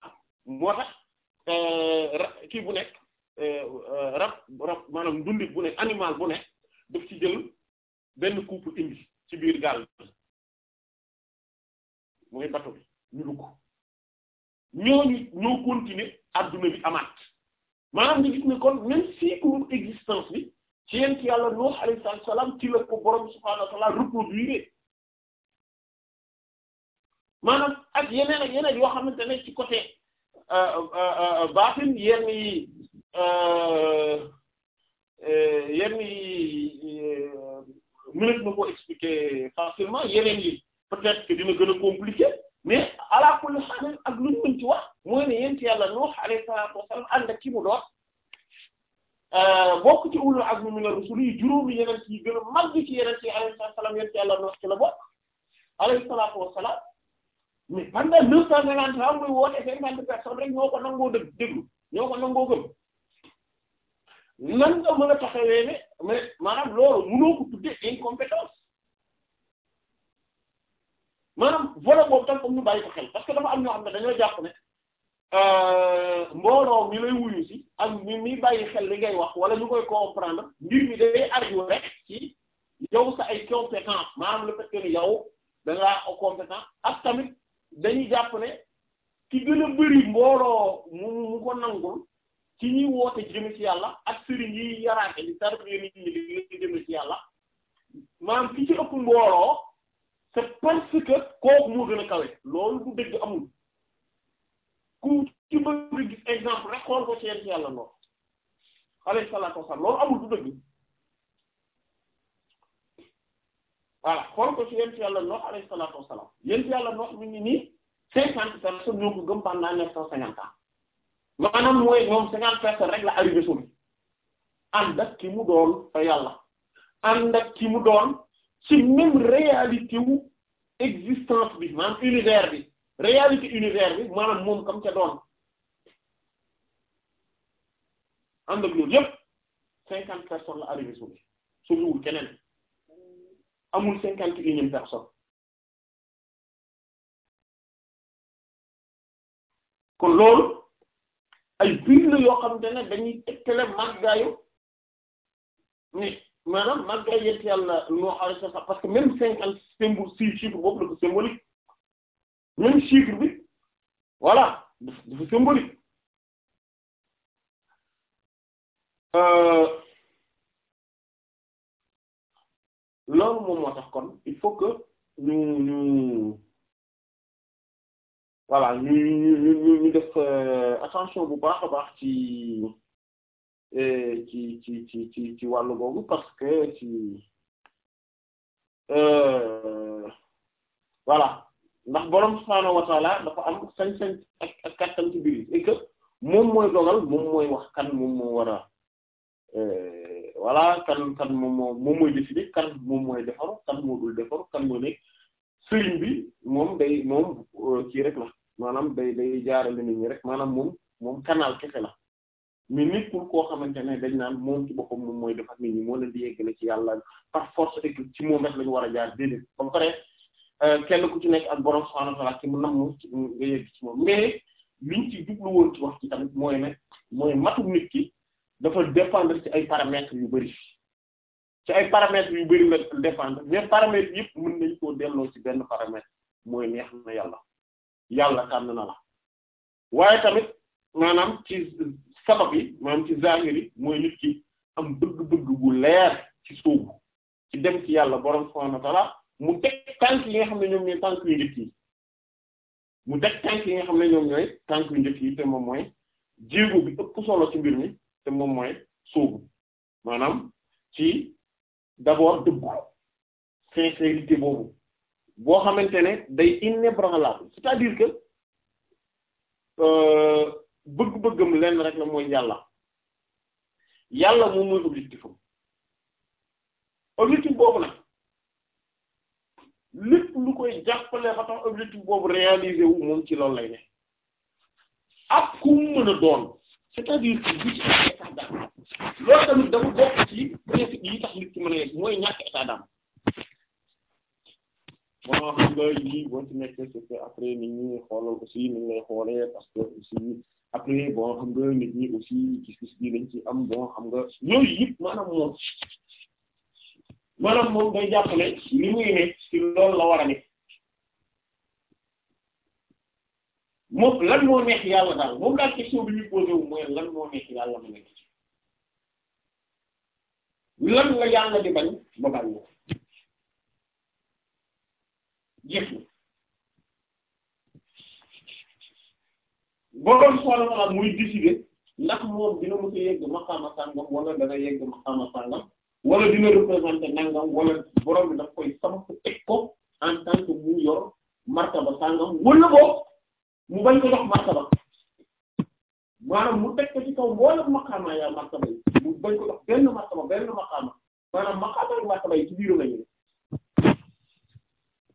moo tax Euh, kii bu nekk euh, euh, rab rab maanaam ndundit bu nekk animal bu nekk daf ci jël benn couple indi ci biir gaal bi mooy bato bi ñu dugg ñooñu ñoo continuer adduna bi amaat maanaam nga gis ne kon même cycle existence bi ci yent yàlla Nuh alayhi salaam ci la ko borom subhaanahu wa ta'aala reproduire maanaam ak yeneen ak yeneen yoo xamante ne ci côté. Euh, euh, euh, baatin yenn yi yenn yi mënees na koo expliquer facilement yeneen yi peut-être que dina gën a compliqué mais ala kulli haal ak lu ñu mën ci wax mooy ne yent yàlla Nuux alayhi salaatu wa salaam ànd ak ki mu doon bokk ci ulul azmi minar rusul yi juróomi yeneen yi gën a mag ci yeneen yi alayhi salaatu wa salaam yent yàlla Nuux ci la bokk alayhi salaatu wa mais pendant deux cent cinquante ans muy woote rek ñoo ko nangoo dëgg déglu ñoo ko nangoo gëm nan mën a taxawee ne mais maanaam loolu mënoo ko tuddee incompétence maanaam volet boobu tam comme ñu bàyyi ko xel parce que dafa am ñoo xam ne dañoo jàpp ne euh, mbooloo mi lay wuyu si ak mi mi bàyyi xel li ngay wax wala ñu koy comprendre mbir mi day arju rek ci yow sa ay compétence maanaam le fait que ni yow da ngaa compétent ak tamit dañuy jàpp ne ki gën a bëri mbooloo mu mu ko nangul ci ñuy woote jëm ci yàlla ak sëriñ yi yaraate di tarbiya nit ñi di jëm ci yàlla maanaam ki ci ëpp mbooloo c'est parce que kooku moo gën a kawe loolu du dëgg amul ku ci bëgg gis exemple rek xool ko ci yàlla noonu alayhi salaatu wa loolu amul du dëgg voilà xool ko ci yent yàlla Nooh alayhi salaatu wa salaam ngi nii cinquante personnes ñoo ko gëm pendant neuf cent cinquante ans maanaam mooy moom cinquante personnes rek la arrivé suuf ànd ak ki mu doon fa yàlla ànd ak ki mu doon ci même réalité wu existence bi maanaam univers bi réalité univers bi maanaam moom kam ca doon ànd ak loolu yépp cinquante personnes la arrivé suuf suñu wul keneen. amul cinquante et unième personne kon loolu ay biir la yoo xamante ne dañuy tëkkale màggaayu nit maanaam màggaayu yett yàlla noo xale sax parce que même cinquante symbole si chiffre boobu dafa symbolique même chiffre bi voilà dafa dafa symbolique euh, loolu moom moo tax kon il faut que ñu ñu voilà ñu ñu ñu ñu def euh, attention bu baax a baax ci euh, ci ci ci ci ci wàllu boobu parce que ci euh, voilà ndax borom subhaanahu wa taala dafa am sañ-sañ ak ak kattan ci biir et que moom mooy dogal moom mooy wax kan moom moo war a. voilà kan kan moom moo moom mooy décider kan moom mooy defaru kan moo dul defaru kan moo nekk sëriñ bi moom day moom euh, kii rek na maanaam day day jaarale nit ñi rek maanaam moom moom canal kese la mais nit pour koo xamante ne dañ naan moom mooy defar nit ñi moo leen di yeggale ci yàlla par force et ci moom rek lañu war a jaar déedéet ba pare euh, kenn ku ci nekk ak borom subhaanahu wa ta'aala ci mu mu nga yegg ci moom mais liñ ci jublu woon ci wax ci tamit mooy ne mooy matum nit ki dafa dépendre ci ay paramètres yu bari ci ay paramètres yu bari la dépendre mais paramètres yëpp mën nañ koo delloo ci benn paramètre mooy neex na yàlla yàlla tànn na la waaye tamit maanaam ci sabab yi ci zahir yi mooy nit ki am bëgg-bëgg bu leer ci sóobu ci dem ci yàlla boroom subhaanahu wa ta'aala mu teg tànk yi nga xam ne ñoom ñooy tànk yu njëkk yi mu teg tànk yi nga xam ne ñoom ñooy tànk yu njëkk yi te moom mooy jéego bi ëpp solo ci mbir mi te moom mooy sóobu maanaam ci d'abord dëggu sincérité boobu boo xamante ne day inébranlable c'est-à-dire que euh, bëgg-bëggam lenn rek la mooy yàlla yàlla moom mooy objectifam objectif boobu nag lépp lu koy jàppale ba tax boobu réaliser wu moom ci loolu lay ne ak ku mu mën a doon c'est-à-dire que du ci am état d'âme loolu tamit dafa bokk ci principe yi tax nit ki mën a yegg mooy ñàkk état d'âme bon xam nga lii boo ci nekkee c'est que après nit ñi aussi ni lay xoolee parce aussi après bon xam nga nit ñi aussi gis-gis bi lañ ci am bon xam nga yooyu yëpp maanaam moom maanaam moom day jàpp ne li muy ne ci loolu la war a moom lan moo neex yàlla daal moom daal question bi ñu posé mooy lan moo neex yàlla ma nekk lan la yàlla di bañ ba bañ ko jeex na boroom subhaanahu muy décider ndax moom dina mën a yegg maqaama sàngam wala dana yegg maqaama sàngam wala dina représenter nangam wala boroom daf koy samp teg ko en tant mu yor martaba sàngam wala boobu. mu bañ ko jox martaba maanaam mu teg ko ci kaw mboolem maqaama yaa martaba yi mu bañ ko jox benn martaba benn maqaama maanaam maqaama ak martaba yi ci biiru lañu ne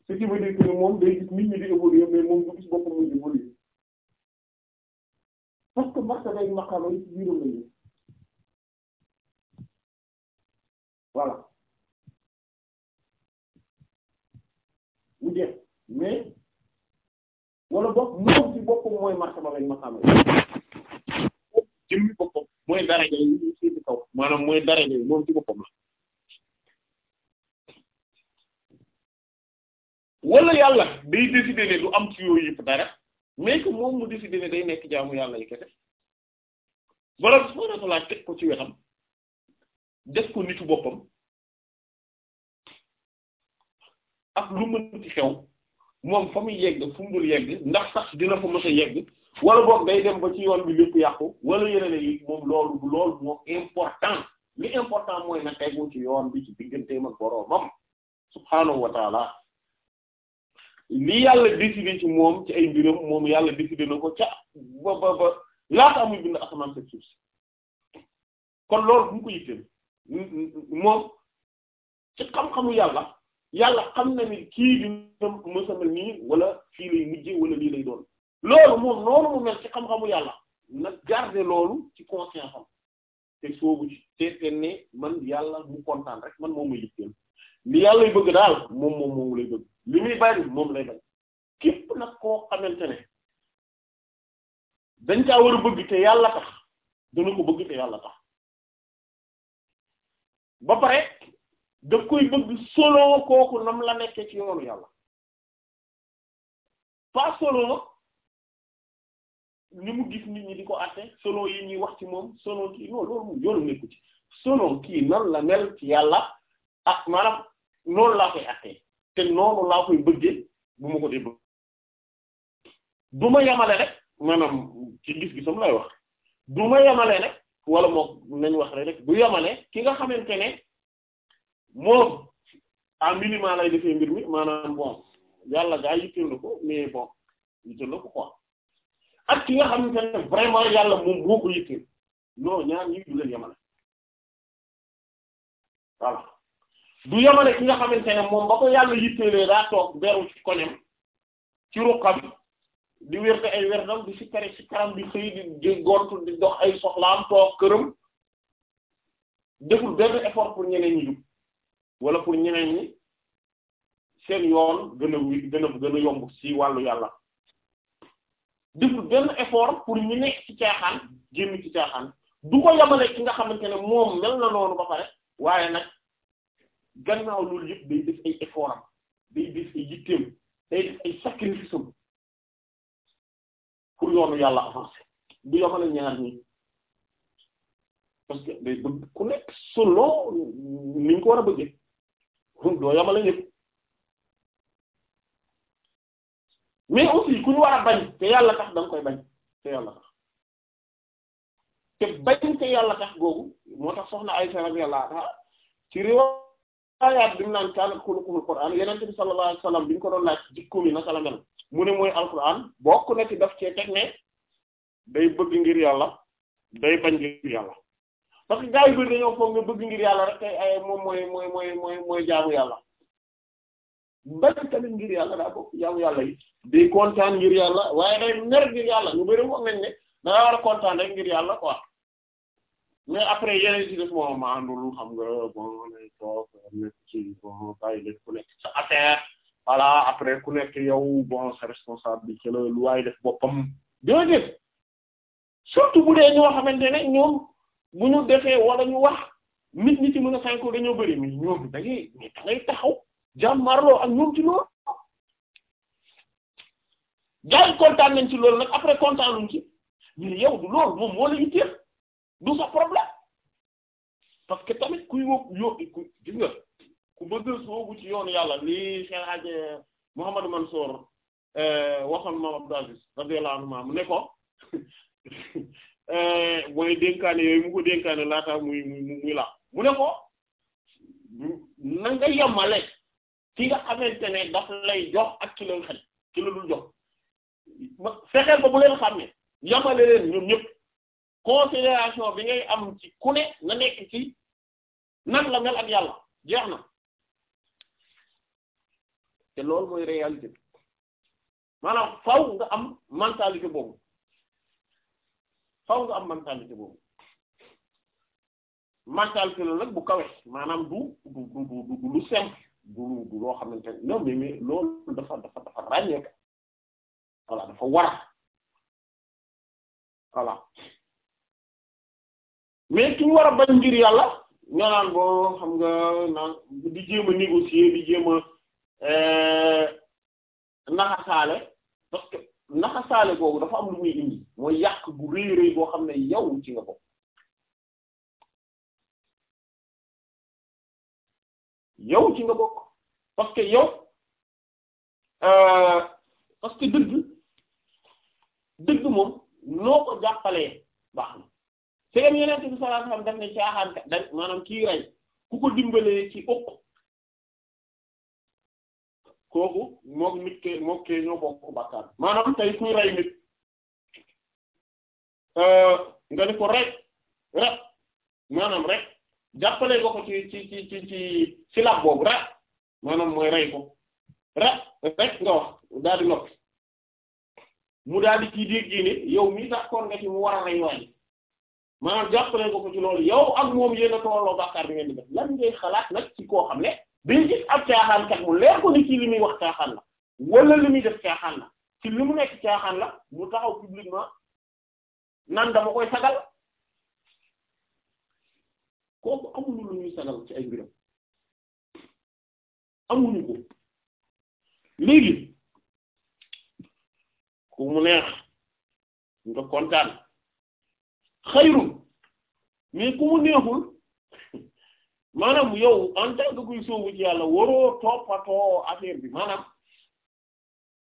ce qui veut dire que moom day gis nit ñi di évoluer mais moom du gis boppam muy évoluer parce que martaba ak maqaama yi ci biiru lañu ne voilà mu jeex wala boog moom ci boppam mooy martaba lañ maqaama jëmmi boppam mooy daraja yi ñu ci kaw maanaam mooy daraja yi moom ci boppam la wala yàlla day décider du am ci yooyu yëpp dara mais que moom mu décider day nekk jaamu yàlla yi kese borom subhaanahu wa ta'aala teg ko ci wetam def ko nitu boppam ak lu mënti xew moom fa muy yegg fu dul yegg ndax sax dina fa ma a yegg wala boog ngay dem ba ci yoon bi lépp yàqu wala yeneen yi moom loolu loolu moo important li important mooy na tegu ci yoon bi ci digganteem ak boroomam subhaanahu wa taala li yàlla décidé ci moom ci ay mbiram moom yàlla décidé na ko ca ba ba ba laata amul bind asamaan sa suuf si kon loolu bu ko yitteel moom ci xam-xamu yàlla yàlla xam na ni kii bi mës a mel nii wala fii lay mujje wala lii lay doon loolu moom noonu mu mel ci xam-xamu yàlla nag garder loolu ci conscience am te soobu ci te te ne man yàlla mu kontaan rek man moom ma yitteel li yàlla lay bëgg daal moom moom moom lay bëgg li muy bari moom lay bañ képp nag koo xamante dañ caa war a bëgg te yàlla tax dana ko bëgg te yàlla tax ba pare da koy bëgg solo kooku nam la nekkee ci yoonu yàlla pas solo ni mu gis nit ñi di ko àtte solo yi ñuy wax ci moom solo kii non loolu moom yoonu nekku ci solo kii nan la mel ci yàlla ak maanaam noonu laa koy àttee te noonu laa koy bëggee bu ma ko dee bëgg du ma yemale rek maanaam ci gis-gisam lay wax du ma yemale rek wala moom nañ wax rek du yemale ki nga xamante ne moom à minima lay defee mbir mi maanaam bon yàlla gaa yitteel na ko mais bon yitteel na ko quoi ak ki nga xam ne vraiment yàlla moom moo ko ki nga xamante ne ko yàlla yitteelee daa toog beru ci koñam ci ruqam di wérte ay werdam di si kare si karam di xëy di gontu di dox ay soxlaam toog këram deful benn effort pour ñeneen ñi wala pour ñeneen ñi seen yoon gën a wi gën a gën a yomb ci wàllu yàlla deful benn effort pour ñu nekk ci caaxaan génn ci caaxaan du ko yamale ki nga xamante ne moom mel na noonu ba pare waaye nag gannaaw loolu yëpp day def ay effort day def ay yitteem day def ay sacrifice am pour yoonu yàlla avancer du yamale ñaar ñi parce day bëgg ku nekk solo ni ko war a bëggee doo yamale ñëpp mais aussi ku ñu war a bañ te yàlla tax da koy bañ te yàlla tax te bañ te yàlla tax googu moo tax soxna Aysa radiyallahu anha ci riwaayaat bi mu naan kaana xuluquhul Qur'aan Yonent bi sallallahu alayhi wasallam bi ñu ko doon laaj jikko mi naka mu ne mooy Alqur'aan bokk na ci daf cee teg ne day bëgg ngir yàlla day bañ ngir yàlla parce que gars yi bëri dañoo foog nga bëgg ngir yàlla rek tey ay moom mooy mooy mooy mooy mooy jaamu yàlla bëgg tamit ngir yàlla daa bokk jaamu yàlla yi day kontaan ngir yàlla waaye day mer ngir yàlla ñu bëri wax nañ ne da ngaa war a rek ngir yàlla quoi mais après yeneen ci des moom ma àndul xam nga bon lay toog nekk ci bon bàyyi leen ku nekk après ku nekk yow bon sa responsabilité la lu waay def boppam déedéet surtout bu dee ñoo xamante ne ñoom bu ñu defe wala ñu wax nit ñi ci mën a sànq dañoo bëri mais ñoom da ngay da ngay taxaw jàmmarloo ak ñoom ci loolu. jaay kontaan nañ ci loolu nag après kontaan luñ ci mais yow du loolu moom moo la itteel du sa problème parce que tamit kuy wóob yoo ku gis nga ku bëgg soobu ci yoonu yàlla lii Cheikh Hadji euh, Mouhamadou Mansour euh, waxoon Mame Abdou Aziz radiyallahu anhu ne ko mooy eh, dénkaane yooyu mu ko dénkaane laata muy muy muy la mu ne ko na nga ki nga xamante ne daf lay jox ak ki la xaj ki lu dul jox fexeel ba bu leen xam ne yemale leen ñoom ñëpp considération bi ngay am ci ku ne na nekk ci nan la mel ak yàlla jeex na te loolu mooy réalité bi maanaam faw nga am mentalité boobu faaw nga am mentalité boobu mentalité la nag bu kawe maanaam du du du du lu simple du loo xamante ne non mais loolu dafa dafa dafa ràññeek voilà dafa war voilà mais ki war a bañ ngir yàlla ñoo naan boo xam nga naan di jéem a di jéem euh, naxasaale parce naxasaale boobu dafa am lu muy indi mooy yàq gu rëy rëy boo xam ne yow ci nga bokk yow ci nga bokk parce que yow euh, parce que dëgg dëgg moom noo ko jàppalee baax na seen yeneen bi sallallahu alayhi daf ne caaxaan dañ maanaam kii rey ku ko dimbalee ci ëpp kooku mook nit ke mook ke ñoo bokk bàkkaar maanaam tey kuy rey nit euh, nga ni ko rek rek maanaam rek jàppale nga ko ci ci ci ci ci silab boobu rek maanaam mooy rey ko rek rek nga wax daal di noppi mu daal di ciy dégg ne yow mii d'accord nga ci mu war a rey waaye maanaam jàppale nga ko ci loolu yow ak moom yéen a tolloo bàkkaar bi ngeen di def lan xalaat nag ci koo xam ne day gis ab caaxaankat mu leer ko ni ci li muy wax caaxaan la wala li muy def caaxaan la ci li mu nekk caaxaan la mu taxaw publiquement nan dama koy sagal kooku amuñu lu ñuy sagal ci ay mbiram amuñu ko léegi ku mu neex nga kontaan xayru mais ku mu neexul. maanaam yow en tant que kuy sóobu yàlla waroo toppatoo affaire bi maanaam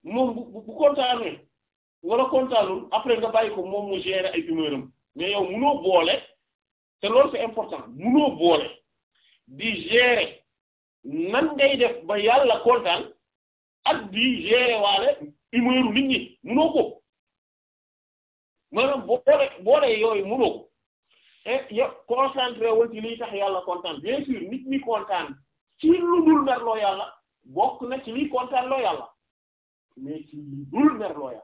moom bu bu kontaanee wala kontaanul après nga bàyyi ko moom mu gérer ay humeur am mais yow munoo boole te loolu c'est important munoo boole di gérer nan ngay def ba yàlla kontaan ak di gérer waale humeuru nit ñi munoo ko maanaam boole boole yooyu munoo ko Eh, yow concentré wal ci ni tax yàlla kontaan nit ñi kontaan ci lu dul mer yàlla bokk na ci liy kontaan loo yàlla mais ci dul mer yàlla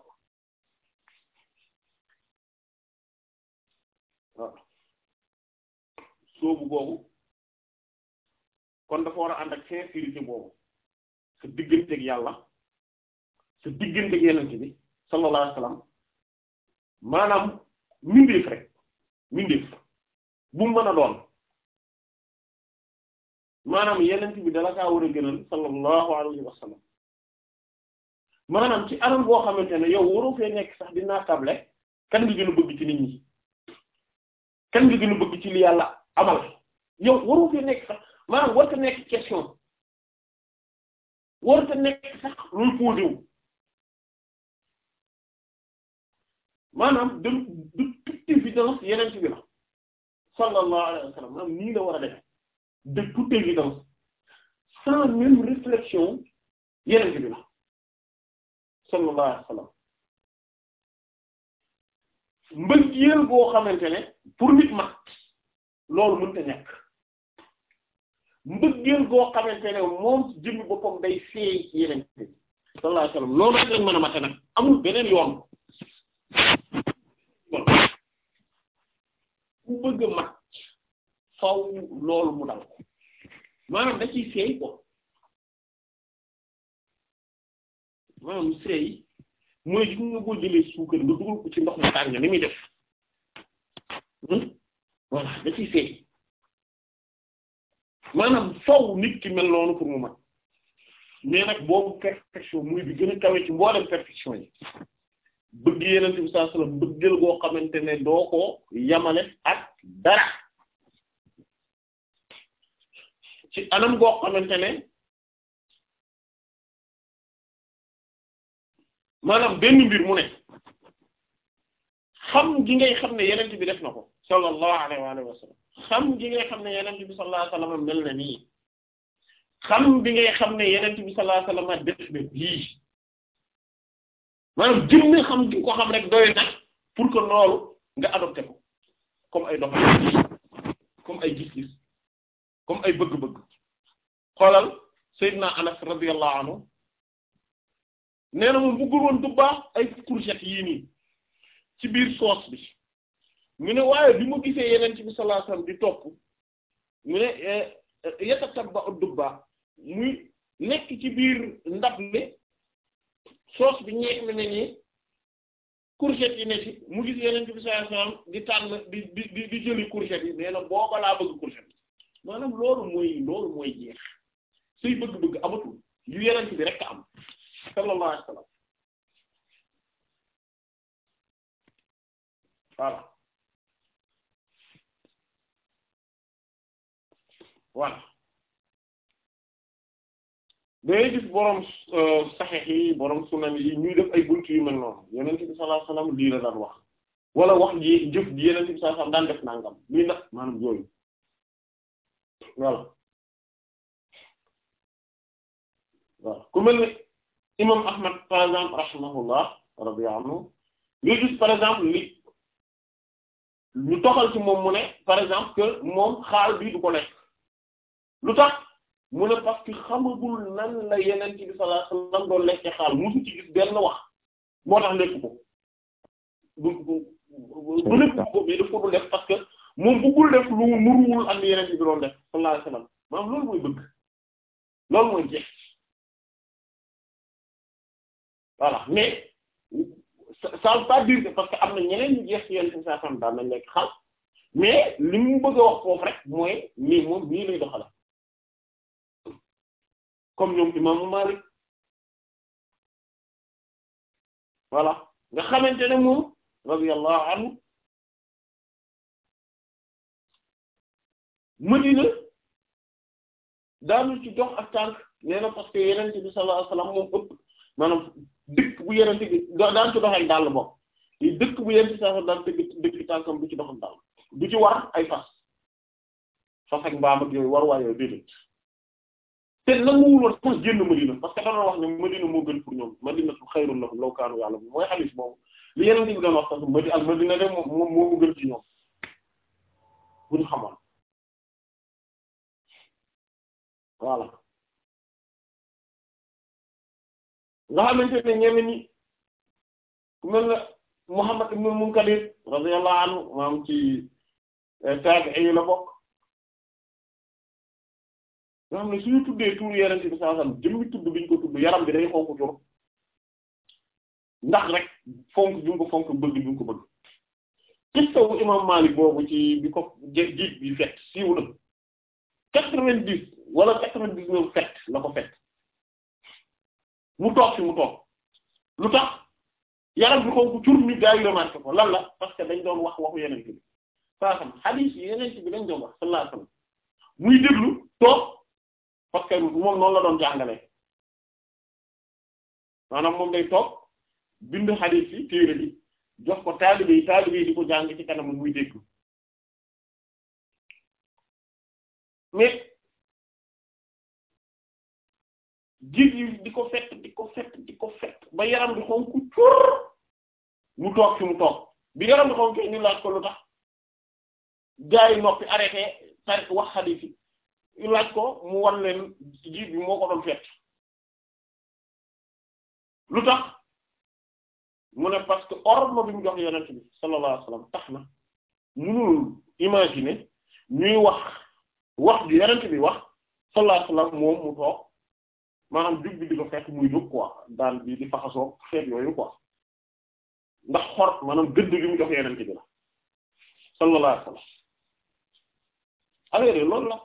soobu googu kon dafa war a ànd ak sincérité boobu sa digganteeg yàlla sa digganteeg yeneen ci bi sallallahu alayhi wasallam maanaam mindeef rek mindeef bu mu mën a doon maanaam yenent bi dala kaa war a gënal sallallahu alayhi wa maanaam ci anam boo xamante ne yow waroo fee nekk sax dinaa table kan nga gën bëgg ci nit ñi kan nga gën a bëgg ci li yàlla amal yow waroo fee nekk sax maanaam warta nekk question warta nekk sax luy posé maanaam de de toute évidence yenent bi la sallallahu alayhi wa sallam maanaam nii la war a def de toute évidence sans même réflexion yeneen bi la sallallahu alayhi wa sallam mbëggeel boo xamante ne pour nit mat loolu mënta ñàkk mbëggeel boo xamante ne moom jëmmi boppam day feey ci yeneen bi sallallahu alayhi loolu rek lañ mën a mate amul beneen yoon ku bëgg a mat faw loolu mu dal ko maanaam da ciy seey ko maanaam seey mooy li nga boo jëlee suukar nga dugal ko ci ndox mu tàng ni muy def hmm? voilà da ciy seey maanaam faw nit ki mel noonu pour mu mat mais nag boobu perfection muy bi gën a kawe ci mboolem perfection yi bëgg yenente bi sallallahu alayhi wasallam goo xamante ne doo ko yamale ak dara ci anam goo xamante ne maanaam benn mbir mu ne xam gi ngay xam ne yenent bi def na ko sallallahu alayhi wa sallam xam gi ngay xam ne yenent bi sallallahu alayhi mel na nii xam bi ngay xam ne yenent bi sallallahu alayhi def na lii maanaam jëmmi xam gi ko xam rek doy na pour que loolu nga adopté ko comme ay doxalin comme ay gis-gis comme ay bëgg-bëgg xoolal Seydina Anas radiyallahu anhu nee na moom bëggul woon dubbaa ay courgette yii nii ci biir soos bi mu ne waaye bi mu gisee yeneen ci bi sallallahu alayhi di topp mu ne eh, eh, ba dubbaa muy nekk ci biir ndab li soos bi ñeex mi ne nii yi ne ci mu gis yeneen bi sallallahu alayhi di tànn di di di jëli courgette yi nee booba laa bëgg courgette maanaam loolu mooy loolu mooy jeex suy bëgg-bëgg amatul yu yeneen bi rek am sallallahu alayhi dangay gis borom euh, saxiix yi borom sunan yi ñuy def ay buntu yu mel noonu yonent bi sallallahu alayhi lii la daan wax wala wax ji jëf ji yonent bi sallallahu alayhi wasallam daan def nangam lii nag maanaam yooyu voilà voilà ku mel ni imam Ahmad par exemple rahimahullah radiyallahu anhu nga gis par exemple li toxal ci moom mu ne par exemple que moom xaal bii du ko lekk lu tax. mu ne parce que xamagul nan la yeneen ci bi sallallahu alayhi wasallam doon lekke xaal musu ci gis benn wax moo tax lekk ko du du lekk ko mais daf ko def parce que moom bëggul def lu nuruwul ak yeneen ci bi doon def sallallahu alayhi wasallam maanaam loolu mooy bëgg loolu mooy jeex voilà mais ça veut pas dire que parce que am na ñeneen ñu jeex ci yeneen ci bi nañ lekk xaal mais li mu bëgg a wax foofu rek mooy nii moom nii lay doxala comme ñoom imaamu Malik voilà nga xamante ne moom radiyallahu anhu Madina daanu ci dox ak tànk nee na parce que yenente bi sallallahu alayhi wasallam moom ëpp maanaam dëkk bu yenente bi ci doxal dàll bopp yi dëkk bu yenente sa daan dëgg dëkk tànkam bu ci doxal dàll du ci war ay fas fas ak mbaam yooyu war waayoo déedéet te nanguwuloon sax génn Madina parce que danoon wax ne Madina moo gën pour ñoom Madinatu xayrun lahum law kaanu ya'lamuun mooy xadiis boobu li yeneen bi doon wax sax Madina al Madina moom moo gën ci ñoom bu ñu xamoon voilà nga xamante ne ñeneen ñi ku mel na Muhammad ibn Munkadir radiyallahu anhu maam ci eh, taabi'i la bokk nga xam ne suñu tuddee tur yeneen bi sallallahu alayhi jëmmi tudd bi ñu ko tudd yaram bi day xonk cur ndax rek fonk bi ko fonk bëgg bi ko bëgg gistawu imam boobu ci bi bi na quatre-vingt-dix wala quatre-vingt-dix-neuf la ko fett mu toog fi mu toog lu tax yaram bi xonk cur mi gaa yi remarqué ko lan la parce que dañ doon wax waxu yeneen bi saa xam yi yeneen bi dañ doon wax sallallahu alayhi muy déglu toog parce que moom noonu la doon jàngale maanaam moom day toog bind xadiis yi téere bi jox ko taalibe yi di ko jàng ci kanam muy dégg mais jiit yi di ko fett di ko fett di ko fett ba yaram bi xonk cuur mu toog fi mu toog bi yaram bi xonk ñu laaj ko lu tax gaa noppi arrêté wax xadiis ñu laaj ko mu wan leen jiit bi moo ko doon fett lu tax mu ne parce que ordre bi mu jox yonent bi sallallahu alayhi tax na mënul imaginer ñuy wax wax bi yonent bi wax sallallahu alayhi moom mu toog maanaam jug di ko fekk muy jóg quoi daal bi di faxasoo xeet yooyu quoi ndax xor maanaam gëdd gi mu jox yonent bi la sallallahu alayhi wasallam alors la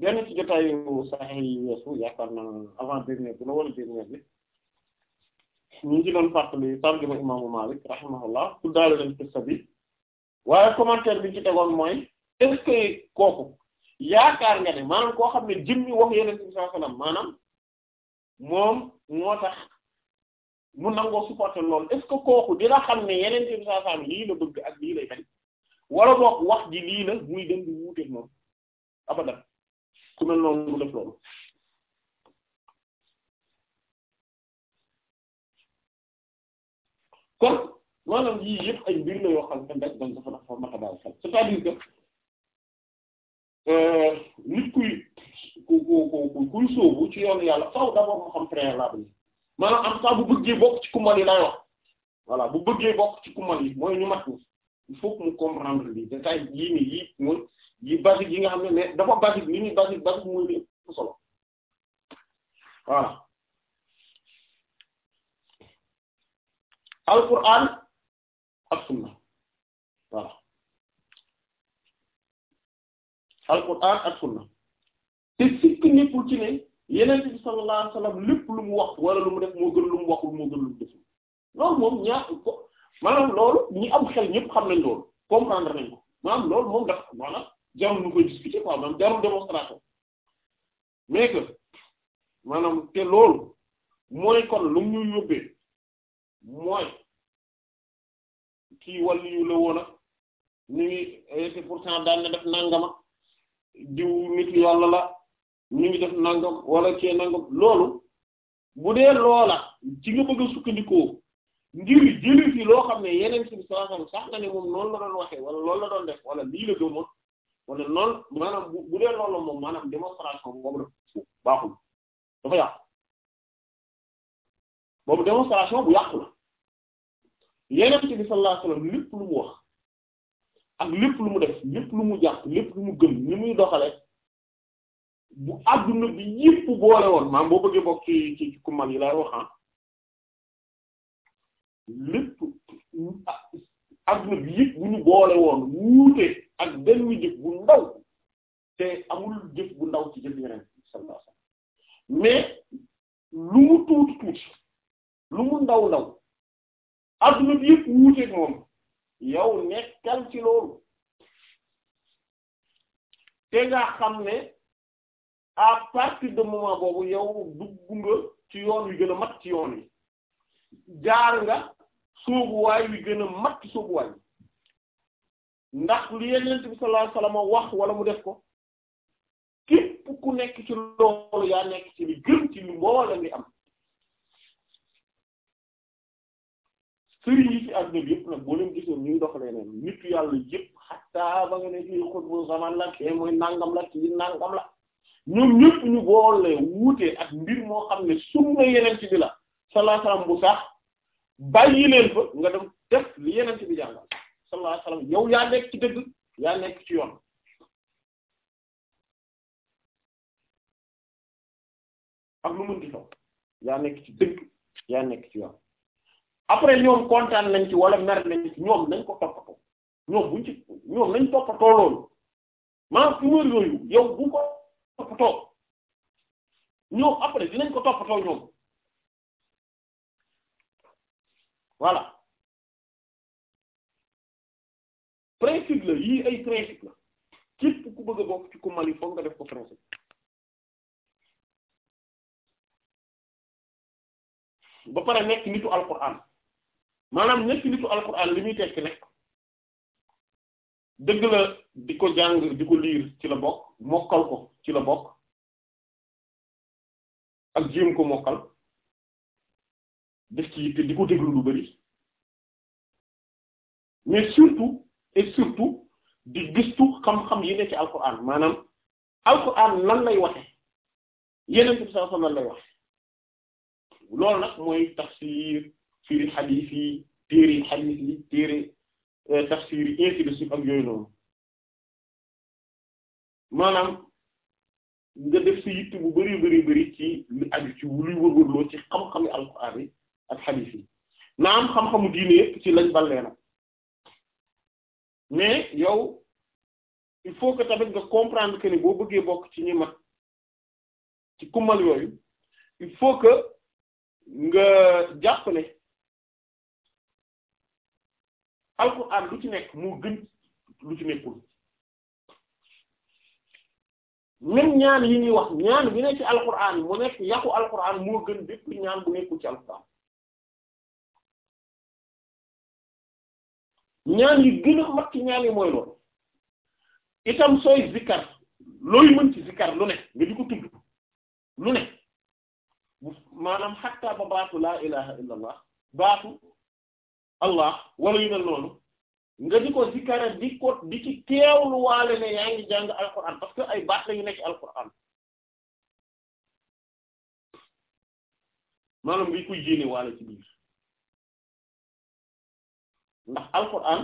benn ci jotaayu saxex yi weesu yaakaar na avant dernier bi la wala dernier bi ñu ngi doon fàttali tarjuma imaamu Maalik rahimahullah tuddaale leen qissa bi waaye commentaire bi ci tegoon mooy est-ce nga ne maanaam koo xam ne wax yeneen tax mu nangoo supporter loolu est-ce que kooku xam ne yeneen bi sallallahu alayhi wasallam lii la muy dem di wuuteeg moom abadan ku mel kon maanaam yii yëpp ay mbir la yoo xam ne ndaj dañ dafa dafa mat a bàyyi xel c'est-à-dire que euh, nit kuy ku ku ku kuy sóobu ci yoonu yàlla faaw d'abord mu xam préalable yi maanaam am saa bu bëggee bokk ci kumal yi lay wax voilà bu bëggee bokk ci kumal yi mooy ñu mat ni il faut que mu comprendre lii détail yii nii yii mooy yi basique yi nga xam ne mais dafa basique li ñuy basique basique mooy li ëpp solo voilà alquran ak sunna voilà alquran te sikk nekkul ci ne yeneen bi sallallahu alayhi wasallam lépp lu mu wax wala lu mu def moo gën lu mu waxul moo gën lu mu def loolu moom ñaar ko maanaam loolu ñi am xel ñëpp xam nañ loolu comprendre nañ ko maanaam loolu moom dafa maanaam jarul ñu koy discuter quoi maanaam jarul démonstration mais que maanaam te loolu mooy kon lu mu ñuy yóbbee mooy kii wàllu yu la woon ak ngi eh, te pourtant daan na def nangama diw nit yàlla la ñu ngi def nangam wala cee nangam loolu bu dee loola ci nga bëgg a sukkandikoo ngir jëli fi loo xam ne yeneen ci bi sallallahu sax na ne moom noonu la doon waxee wala lool la doon def wala lii la gëmoon wala noonu maanaam bu bu dee loolu la moom maanaam démonstration boobu la baaxul dafa yàqu boobu démonstration bu yàqu la Yonent bi sallallahu alayhi wasallam lu mu wax ak lépp lu mu def lépp lu mu jàpp lépp lu mu gëm ni muy doxale bu adduna bi yépp boole woon maam boo bëggee bokk ci ci kumal yi laay wax ah lépp adduna ah, bi yépp bu ñu boole woon wuute. ak benn jëf bu ndaw te amul jëf bu ndaw ci jëf yeneen mais lu mu tuuti tuuti lu mu ndaw ndaw adduna bi yëpp wuuteeg moom yow nekkal ci loolu te nga xam ne à partir de boobu yow dugg nga ci yoon wi gën a mat ci yoon wi jaar nga soobuwaay wi gën a mat ci soobuwaay ndax li Yonent bi sallallahu wax wala mu def ko képp ku nekk ci loolu yaa nekk ci li gën ci li mboolem li am sëriñ yi ci àdduna bi yëpp nag boo leen gisoon nit yàlla yëpp xataa ba nga ne kii xutbu zaman la kii mooy nangam la kii nangam la ñoom ñëpp ñu boole wuute ak mbir moo xam ne sunna Yonent bi la sallallahu alayhi wasallam bu sax bàyyi leen fa nga dem def li Yonent bi jàngal sallallahu alayhi wasallam yow yaa nekk ci dëgg yaa nekk ci yoon ak lu mënti xew yaa nekk dëgg yaa nekk ci yoon ñoom kontaan nañ ci wala mer nañ ci ñoom nañ ko toppatoo ñoom buñ ci ñoom nañ toppatoo loolu maanaam humeur yooyu yow buñ ko toppatoo ñoom après dinañ ko toppatoo ñoom voilà principe la yii ay principe la ku bëgg a bokk ci ku Mali foog nga def ko principe ba pare nekk nitu alquran maanaam nekk nitu alquran li muy tekki nekk dëgg la di ko jàng di ko liir ci la bokk mokkal ko ci la bokk ak jéem ko mokkal def ci yitte di ko déglu lu bari mais surtout et surtout di gistu xam-xam yi ne ci alquran maanaam alquran lan lay waxe yeneen bi sallallahu alayhi lan lay waxe loolu nag mooy tafsir firi xadiis yi téere xadiis yi téere euh, tafsir yi ainsi de ak yooyu noonu maanaam nga def si yitt bu bari bari bari ci li aju ci luy wërwërloo ci xam-xami alquran yi ak xadiis yi naam xam-xamu diine yépp ci lañ ballee nag mais yow il faut que tamit nga comprendre que ni boo bëggee bokk ci ñi mat ci kummal yooyu il faut que nga jàpp ne alxuraan lu ci nekk moo gën lu ci nekkul même ñaan yi ñuy wax ñaan bi ne ci alxuraan mu moo gën bépp ñaan bu nekkul ci alxuraan ñaan yi gën a mat ci ñaan yi mooy loolu itam sooy zikkar looy mën zikkar lu ne nga di ko tudd lu ne maanaam xattaa ba baatu laa ilaha illa allah baatu allah wala yu mel noonu nga di ko zikkara di ko di ci teewlu waale ne yaa ngi jàng alquran parce que ay baat la yu nekk alquran maanaam ngi koy jéene waale ci biir ndax alquran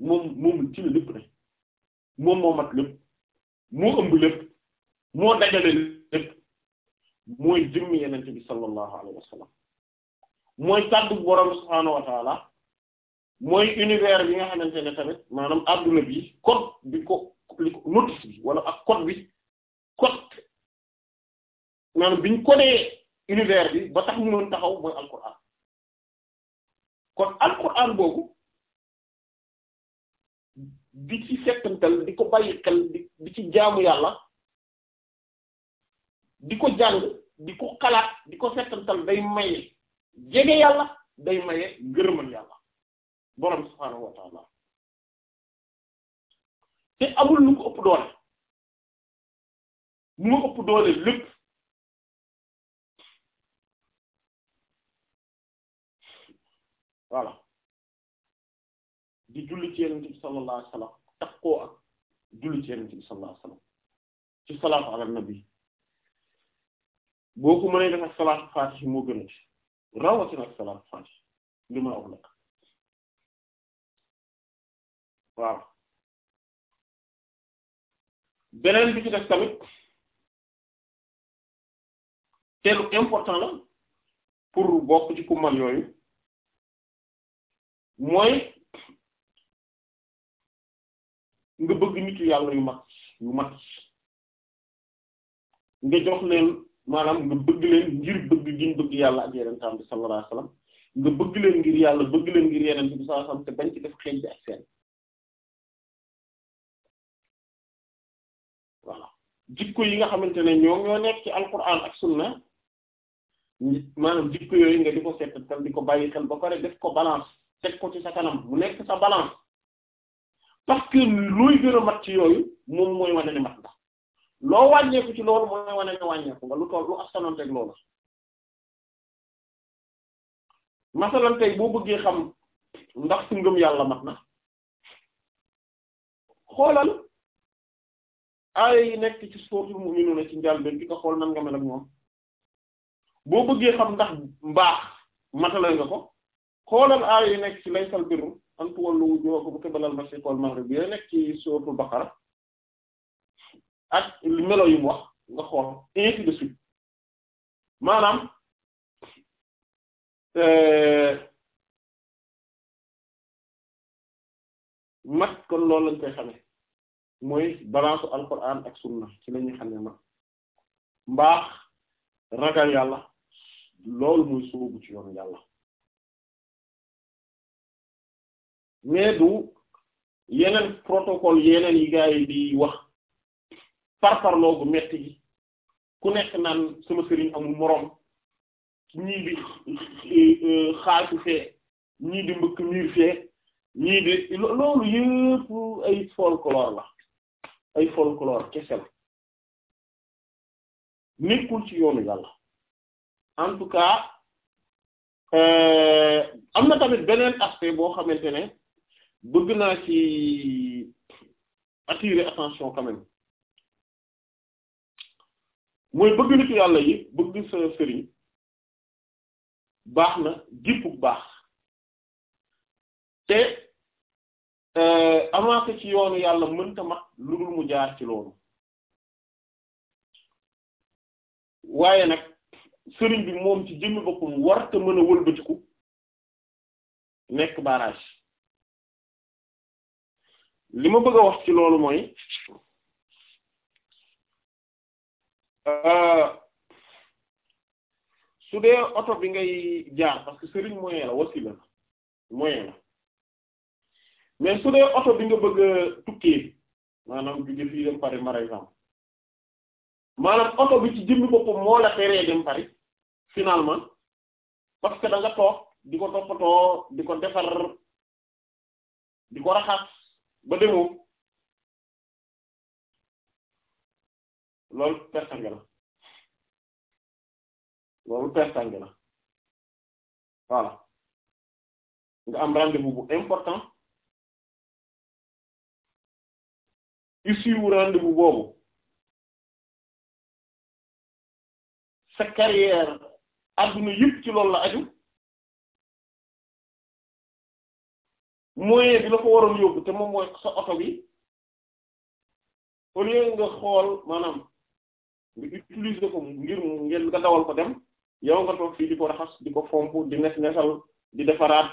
moom moom ci la lépp ne moom moo mat lépp moo ëmb lépp moo dajale lépp mooy jëmmi yenente bi sallallahu alayhi wa mooy kàddu borom subhaanahu wa taala mooy univers bi nga xamante ne tamit maanaam adduna bi code bi ko notice bi wala ak code bi code maanaam biñ codé univers bi ba tax ñu noon taxaw mooy alquran kon alquran boobu di ci settantal di ko bàyyi xel di di ci jaamu yàlla di ko jàng di ko xalaat di ko settantal day maye jege yàlla day maye gërëmal yàlla borom subhaanahu wa ta'ala te amul lu ko ëpp doole mu ëpp doole lépp voilà di julli ci yonent bi sallallahu alayhi wasallam takkoo ak julli ci yonent bi sallallahu alayhi wasallam ci nabi boo ko mënee def ak salaatu faatihi moo gën a ci rawatina ak salaatu faatihi li ma wax nag waaw beneen bi ci def tamit te important la pour bokk ci kumal yooyu mooy nga bëgg nit yu yàlla yu mag yu mag nga jox leen maanaam nga bëgg leen ngir bëgg giñ bëgg yàlla ak yenentam bi sallallahu alayhi wasallam nga bëgg leen ngir yàlla bëgg leen ngir yeneen bi sallallahu alayhi wasallam te bañ ci def xeej bi ak seen voilà jikko yi nga xamante ne ñoom ñoo nekk ci alquran ak sunna maanaam jikko yooyu nga di ko seetal di ko bàyyi xel ba pare def ko balance teg ko ci sa kanam mu nekk sa balance parce que looy mat ci yooyu moom mooy wane ne mat nga loo wàññeeku ci loolu mooy wane ne wàññeeku nga lu toll lu askanam teg loolu masalan boo bëggee xam ndax su ngëm yàlla mat na xoolal aaya yi ci suuratul mu'minuuna ci nga xool nan nga mel moom boo bëggee xam ndax mbaax matala nga ko xoolal aay yi nekk ci laysal birru an tuwallu wujuhakum qibalal mashriqi wal maghrib yi nekk ci suuratul baqara ak melo yi mu wax nga xool ainsi de suite maanaam euh, mat kon loolu lañ koy xamee mooy balance alquran ak sunna ci la ñuy xamee mbaax ragal yàlla loolu mooy sóobu ci yoon yàlla mais du yeneen protocole yeneen yi gars yi di wax parparloo gu metti gi ku nekk naan sama sëriñ amul moroom ñii di e, e, xaasu fee ñii di mbëkk miir fee ñii di loolu yëpp ay folklore la ay folklore kese la nekkul ci yoonu yàlla en tout cas euh, am na tamit beneen aspect boo xamante ne bëgg naa ci attirer attention quand mooy bëgg nitu yàlla yi bëgg sa sëriñ baax na jippu baax te euh, avancé ci yoonu yàlla mënta mat lu dul mu jaar ci loolu waaye nag sëriñ bi moom ci jëmmi boppam warta mën a wëlbatiku nekk barrage li ma bëgg a wax ci loolu mooy euh, su dee oto bi ngay jaar parce que sëriñ moyen la wasila la moyen la mais su dee oto bi nga bëgg a tukkee maanaam jóge fii dem Paris par exemple maanaam oto bi ci jëmmi boppam moo la teree dem Paris finalement parce que da toog di ko toppatoo di ko defar di ko raxas ba demoo loolu pertange loolu pertange la nga am rendez-vous important issue wu rendez-vous boobu sa carrière adduna yëpp ci loolu moyen bi la ko waroon yóbbu te moom mooy sa oto bi au nga xool maanaam nga utiliser ko ngir ngeen nga dawal ko dem yow nga toog fii di ko raxas di ko fomp di nes nesal di defaraat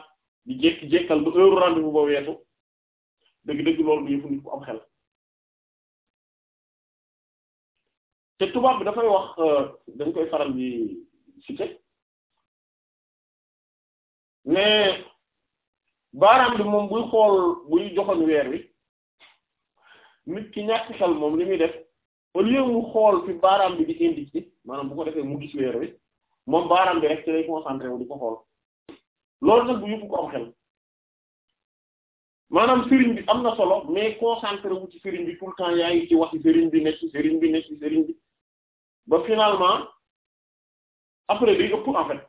di jékki-jékkal ba heure rendez-vous ba weesu dëgg-dëgg loolu du yëfu nit ku am xel te tubaab bi dafay wax euh, dañ koy faral di citer mais baaraam bi moom buy xool buy joxoon weer wi nit ki ñàkk xel moom li muy def au lieu mu xool fi baaraam bi di indiqué maanaam bu ko defee mu gis weer wi moom baaraam bi rek ci lay concentré wu di ko xool loolu nag bu yëpp ko am xel maanaam sëriñ bi am na solo mais concentré wu ci sëriñ bi tout temps yaa ngi ci wax sëriñ bi ci sëriñ bi nekk ci sëriñ bi ba finalement après day ëpp en fait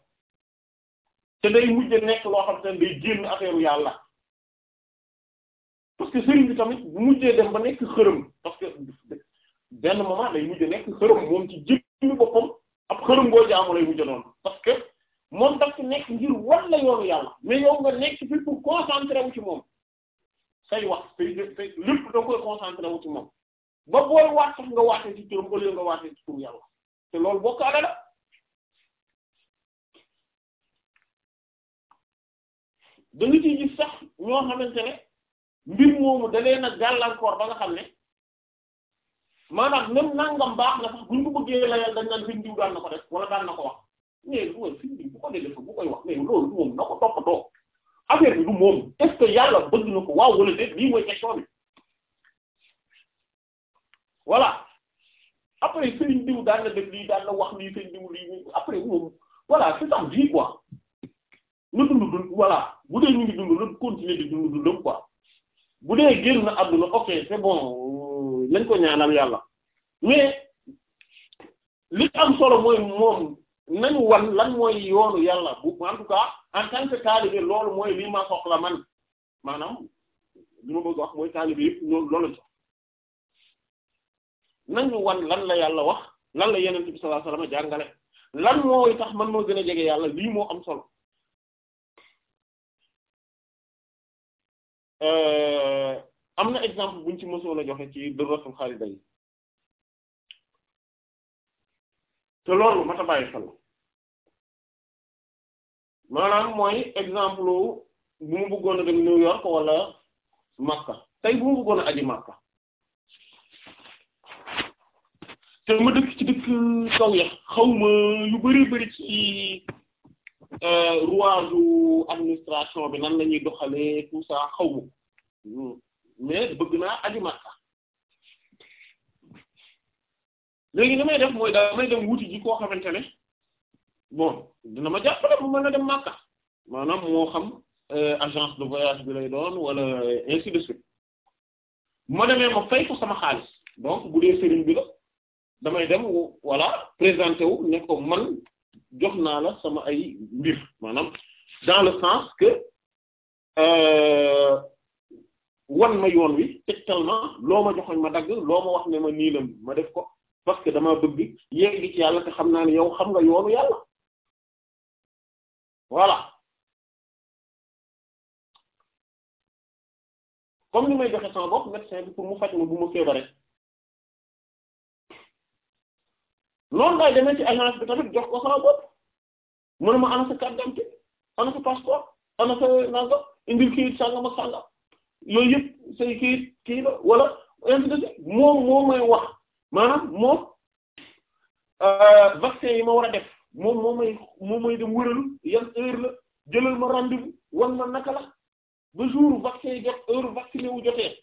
te day mujj nekk loo xam te ne day génn affaire yàlla parce que sëriñ bi tamit bu mujjee dem ba nekk xërëm parce que benn moment day mujj nekk xërëm moom ci jëmmi boppam ab xërëm boo jaamu lay mujj doon parce que moom daf ci nekk ngir wan la yoonu yàlla mais yow nga nekk fi pour concentrer wu ci moom say wax say lépp da nga koy concentrer wu ci moom ba booy waat sax nga waatee ci turam au nga waatee ci tur yàlla te loolu bokk ala da nga ciy gis sax ñoo xamante ne mbir moomu dalee na gàllankoor ba nga xam ne maanaam même nangam baax na sax buñ ko bëggee layal dañ naan fiñ diw daan na ko def wala daan na ko wax mais du ko loolu moom na ko toppatoo affaire bi du moom est-ce que bëgg na ko waaw wala déet lii mooy question bi voilà après fiñ diw daan na def lii daan na wax lii fiñ diw lii après moom voilà c'est ça vie quoi na dund dund voilà bu dee ñu ngi dund la continuer di dund dundam quoi bu dee génn na àdduna ok c'est bon nañ ko ñaanal yàlla mais li am solo mooy moom nañu wan lan mooy yoonu yàlla bu en tout cas en tant que taalibe loolu mooy lii ma soxla man maanaam li ma bëgg wax mooy taalibe yëpp ñoom loolu sox nañu wan lan la yàlla wax lan la yeneen bi sallallahu alayhi wasallam jàngale lan mooy tax man moo gën a jege yàlla lii moo am solo Euh, am na exemple buñ ci mësoon a joxe ci Durratul Khalidayn te loolu mata bàyyi xel maanaam mooy exemple bu mu bëggoon a dem New York wala Makka tey bu mu bëggoon a aji Makka te ma dëkk ci dëkk kaw ya xaw yu bari bari ci Euh, rouage administration bi nan la ñuy doxalee tout ça xaw ma mais bëgg naa aliment sax léegi li may def mooy damay dem wuti koo xamante ne bon dina ma jàppale bu man a dem Makka maanaam moo xam euh, agence de voyage bi lay doon wala ainsi de suite ma demee ma fay ko sama xaalis donc bu dee sëriñ bi la damay dem wala présenter wu ne ko man jox naa la sama ay mbir maanaam dans le sens que euh, wan ma yoon wi tegtal ma loo ma joxoñ ma dagg loo ma wax ne ma nii ma def ko parce que dama bëgg yegg ci yàlla te xam naa ne yow xam nga yoonu yàlla voilà comme ni may joxe sama bopp médecin pour mu faj ma bu ma feebaree noonu lay demee ci agence bi tamit jox ko sama bopp ma ana sa carte d'identité ana sa passeport ana sa nanga indil kayit sàngam ak sàngam yooyu yëpp say kayit kayit la wala invidési moom moom may wax maanaam moom euh, vaccin yi ma war a def moom moo may moo may dem wëralu yan heure la jëlal ma rendez-vous wan ma naka la ba jour vaccin yi jot heure vacciné wu jotee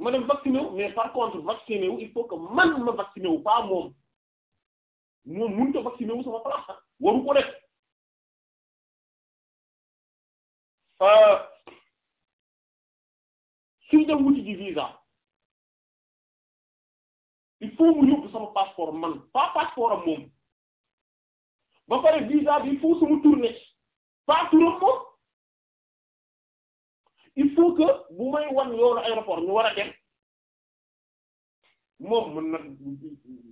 ma dem vacciné wu mais par contre vacciné wu il faut que man ma vacciné wu pas moom moom mënut a vacciné wu sama place waru ko def euh, suñ dem wuti ji visa il faut mu yóbbu sama passeport man pas passeport am moom ba pare visa bi il faut sama tourné pas turam moom il faut que bu may wan yoonu aéroport ñu war a dem moom mën na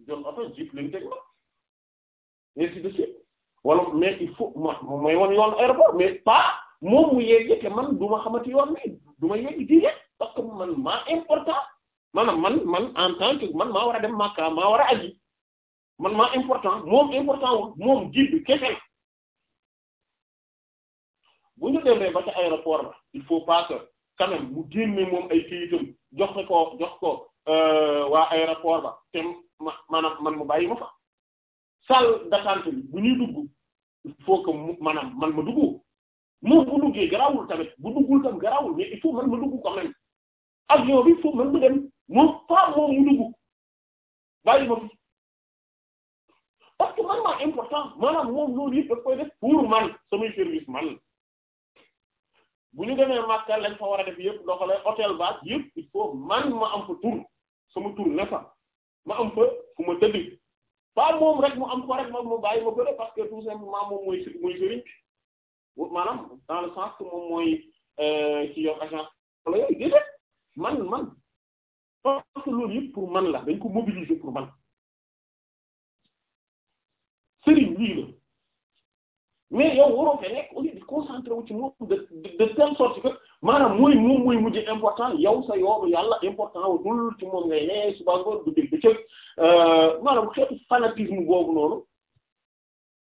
jël oto jip leen ainsi wala mais il faut ma mooy woon yoon aéroport mais pas moom mu yegg te man du ma xamante yoon bi du ma yegg direct man maa important maanaam man man en tant man maa war a dem Makka maa war a aji man maa important moom important wul moom guide kese bu ñu demee ba ca aéroport ba il faut pas que quand même mu moom ay këyitam jox ko jox ko euh, waa aéroport ba te ma maanaam man mu bàyyi ma fa salle d'attente bi bu ñuy dugg il faut que mu man ma dugg moom bu duggee garaawul tamit bu duggul tam garaawul mais il faut man ma bi il faut man que important maanaam moom loolu yëpp koy def pour man samay service man bu ñu demee Makka lañ fa war a def yëpp doxalee hôtel base yëpp il faut man ma am fa tur sama tur ne ma am fa fu ma tëdd pas moom rek mu moom mu bàyyi ma bëre parce que tout simplement moom mooy mooy sëriñ dans le sens que moom mooy ci euh, man man parce yëpp pour man la dañ ko mobiliser pour man sëriñ lii la mais yow waroo fee nekk au lieu de ci moom de de telle maanaam mooy moom mooy mujj important yow sa yoonu yàlla important wu dul ci moom ngay ne suba ngoon bëccëg bëccëg euh, maanaam xeetu fanatisme boobu noonu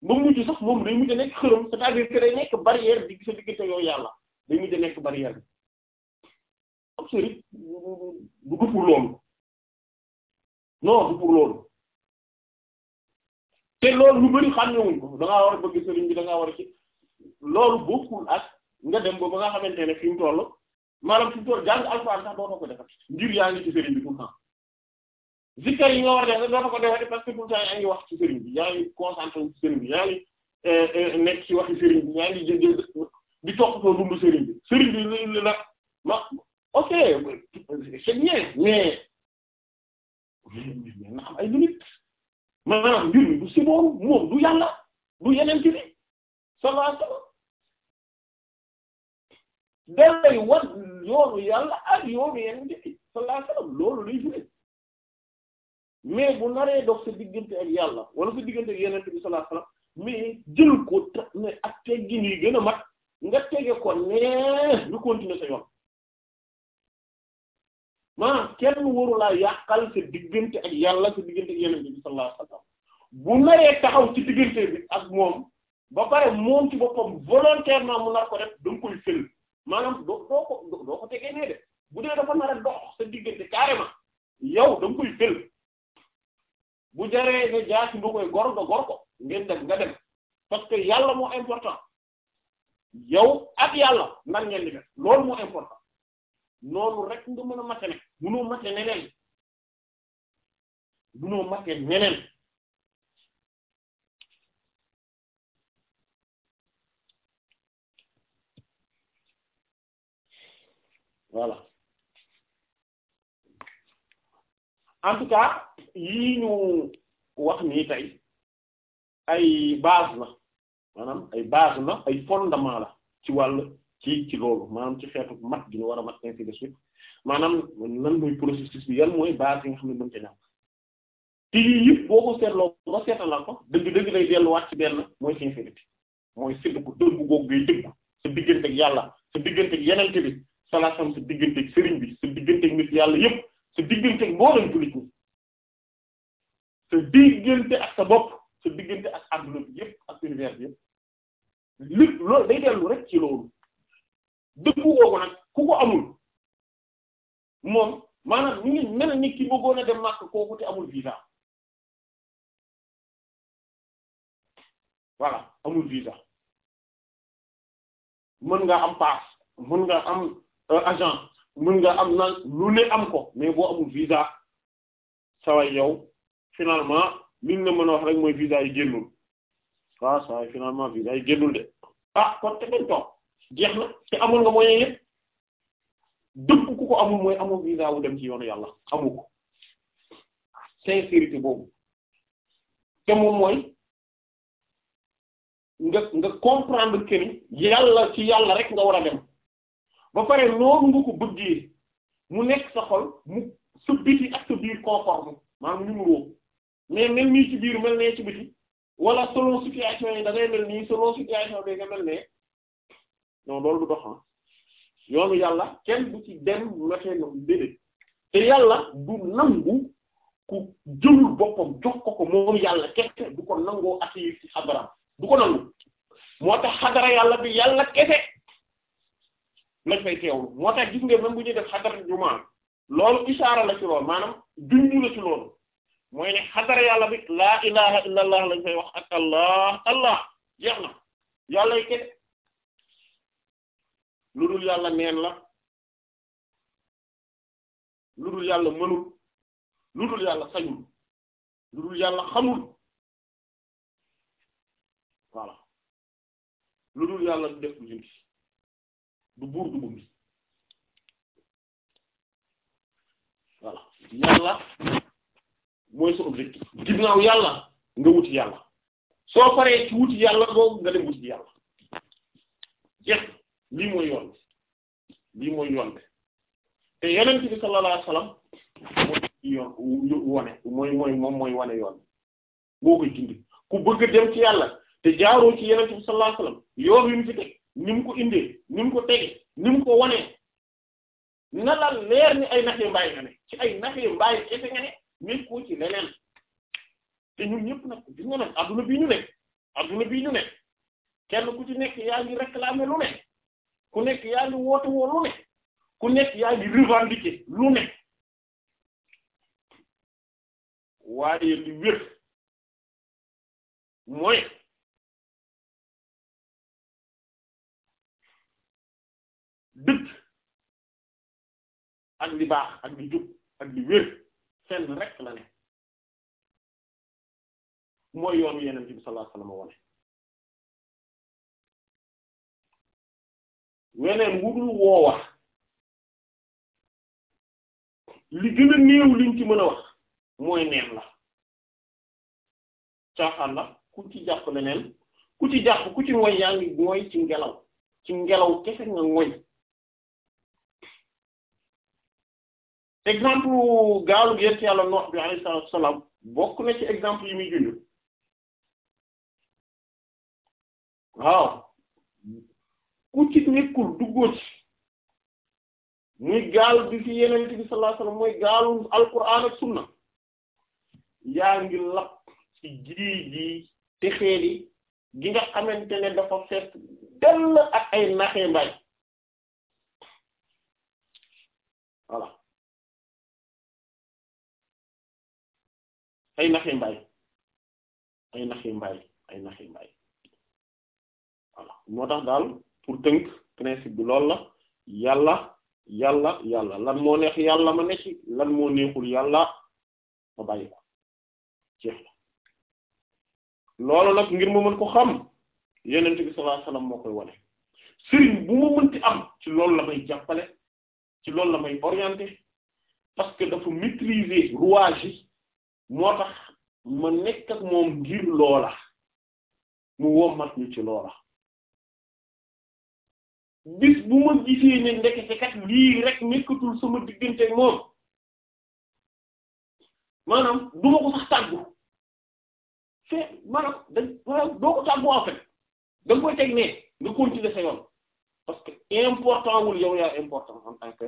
ba mujj sax moom day mujj nekk xërëm c'est-à-dire que day nekk barrière di sa diggante yow yàlla day mujj nekk barrière bi absolue du pour loolu non du pour loolu te loolu lu bari xam ne wuñ ko da ngaa war a bëgg sëriñ bi da war a ci loolu nga dem ba ba nga xamante ne fi mu toll maanaam fi mu toll jàng alxuraan sax ko defati ngir yaa ngi ci sëriñ bi tout le temps yi nga war a def dootoo ko defati parce que tout le temps wax ci sëriñ bi yaa ngi concentré ci sëriñ bi yaa ngi nekk ci waxi sëriñ bi yaa ngi jëjëf di toppatoo dundu sëriñ bi sëriñ bi li la ma ok c'est bien mais mais am ay limites maanaam mbir mi du si moom du yàlla du yeneen ci bi lay wan yoonu yàlla ak yoonu yeneen njëkk sallallahu loolu lay jugee mais bu naree dox sa diggante ak yàlla wala sa diggante ak yeneen bi sallallahu alayhi jël ko ta ne yi gën a mat nga tege ko nee ñu continuer sa yoon maanaam kenn warulaa yàqal sa diggante ak yàlla sa diggante ak yeneen bi sallallahu alayhi wasallam bu naree taxaw ci diggante bi ak moom ba pare moom ci boppam volontairement mu nar ko def koy fël maanam doo doo ko doo ko tegee nee de bu dee dafa nar a dox sa diggante carrément yow da nga koy bu jaree nga jaasi nga koy gor nga gor ko ngeen dem nga dem parce que yàlla moo important yow ak yàlla nan ngeen di def loolu moo important noonu rek nga mën a mate ne mënoo mate neneen neneen voilà en tout cas yii ñu wax nii tey ay base la maanaam ay base la ay fondement la ci wàll ci ci loolu maanaam ci xeetu mat gi ñu war a mat ainsi maanaam lan mooy processus bi mooy base yi nga xam ne mën te ñàkk te yëpp boo ko seetloo ba seetalal ko dëgg-dëgg lay delluwaat ci benn mooy sincérité mooy séddu ko dëggu googu ngay dëggu sa diggante ak yàlla sa diggante ak bi salaasam sa digganteeg sëriñ bi sa digganteeg nit yàlla yépp sa digganteeg mboolem jullit ñi sa diggante ak sa bopp sa diggante ak àdduna bi yëpp ak univers bi yëpp lépp loolu day dellu rek ci loolu dëkku woowu nag ku ko amul moom maanaam ñu mel ni ki bëggoon dem màkk kooku te amul visa voilà amul visa mën nga am paas mën nga am Euh, agent mën nga am na lu ne am ko mais boo amul visa saway yow finalement liñ la mën a wax rek mooy visa yi génnul waaw saway finalement visa yi génnul de ah kon te bañ toog jeex na te amul nga moyen yëpp dëpp ku ko amul mooy amul visa wu dem ci yoonu yàlla amul ko sincérité boobu te mooy nga nga comprendre que ni yàlla ci yàlla rek nga war a dem ba pare loolu nga ko bëggee mu nekk sa xol mu sa biti ak sa biir conforme maanaam ni mu woo mais mel nii ci biir mel nee ci biti wala selon situation yi da mel nii selon situation bi nga mel ne non loolu du doxan ah. yoonu yàlla kenn du ci dem méte no dédé te yàlla du nangu ku jëlul boppam jox ko ko moom yàlla kese du ko nangoo accueillir ci xadaram du ko nangu moo tax xadara yàlla bi yàlla kese lañ fay teewlu moo tax gis nga même bu ñuy def xadara jumaa loolu isaara la ci lool maanaam dundu la ci loolu mooy ne xadara yàlla bi laa ilaha illa lañ fay wax ak allah allah jeex na yàlla yi kese lu dul yàlla neen la lu dul yàlla mënul lu dul yàlla sañul lu dul yàlla xamul voilà lu dul yàlla def lu jëm du buur du bumbi voilà yàlla mooy sa objectif ginnaaw yàlla nga wuti yàlla soo paree ci wuti yàlla boobu nga dem wuti ci yàlla jeex lii mooy yoon lii mooy yoon bi te yeneen bi sallallahu alayhi mooy mooy moom mooy wane yoon boo koy gindi ku bëgg dem ci yàlla te jaaroo ci yeneen bi sallallahu alayhi wasallam wi mu fi ni ko indee ni ko tege ni ko wanee na la leer ni ay naxee mbaay nga ci ay naxee mbaay kese nga ne mais koo ci leneen te ñun ñëpp nag gis nga nag na bii ñu nekk adduna bii ñu nekk kenn ku ci nekk yaa ngi réclamer lu ne ku nekk yaa ngi woote woo lu ne ku nekk yaa ngi revendiquer lu ne waaye li wér mooy ak li baax ak li jub ak li wér fenn rek la ne mooy yoonu yeneen bi sallallahu alayhi wasallam wone weneen wudul woo wax li gën a néew liñ ci mën a wax mooy neen la caaxaan la ku ci jàpp leneen ku ci jàpp ku ci mooy yaa ngi mooy ci ngelaw ci ngelaw kese nga mooy exemple gaalu yent yàlla Nuh bi alayhi salaatu bokk na ci exemple yi muy junj waaw ku ci nekkul duggoo ci muy gaal bi fi yenent bi sallallahu alayhi mooy gaalu alquran ak sunna yaa ngi lapp ci gii gi texeeli gi nga xamante ne dafa fees dell ak ay naxee mbay voilà ay naxi mbaay ay naxi mbaay ay naxi moo tax daal pour tënk principe bi lool la yàlla yàlla yàlla lan moo neex yàlla ma ne lan moo neexul yàlla ma bàyyi ko na loolu nag ngir ma mën ko xam yenent bi sallallahu moo koy wone sëriñ bu ma mënti am ci loolu la may jàppale ci loolu la may orienté parce que dafa maîtriser rouage moo tax ma nekk ak moom ngir loola mu wommat ñu ci loola bis bu ma gisee ne ndekete lii rek nekkatul sama diggante moom maanaam du ko sax tàggu c'est maanaam da maanaam doo ko tàggu en fait da koy teg ne nga continuer sa yoon parce que important wul yow yaa important en tant que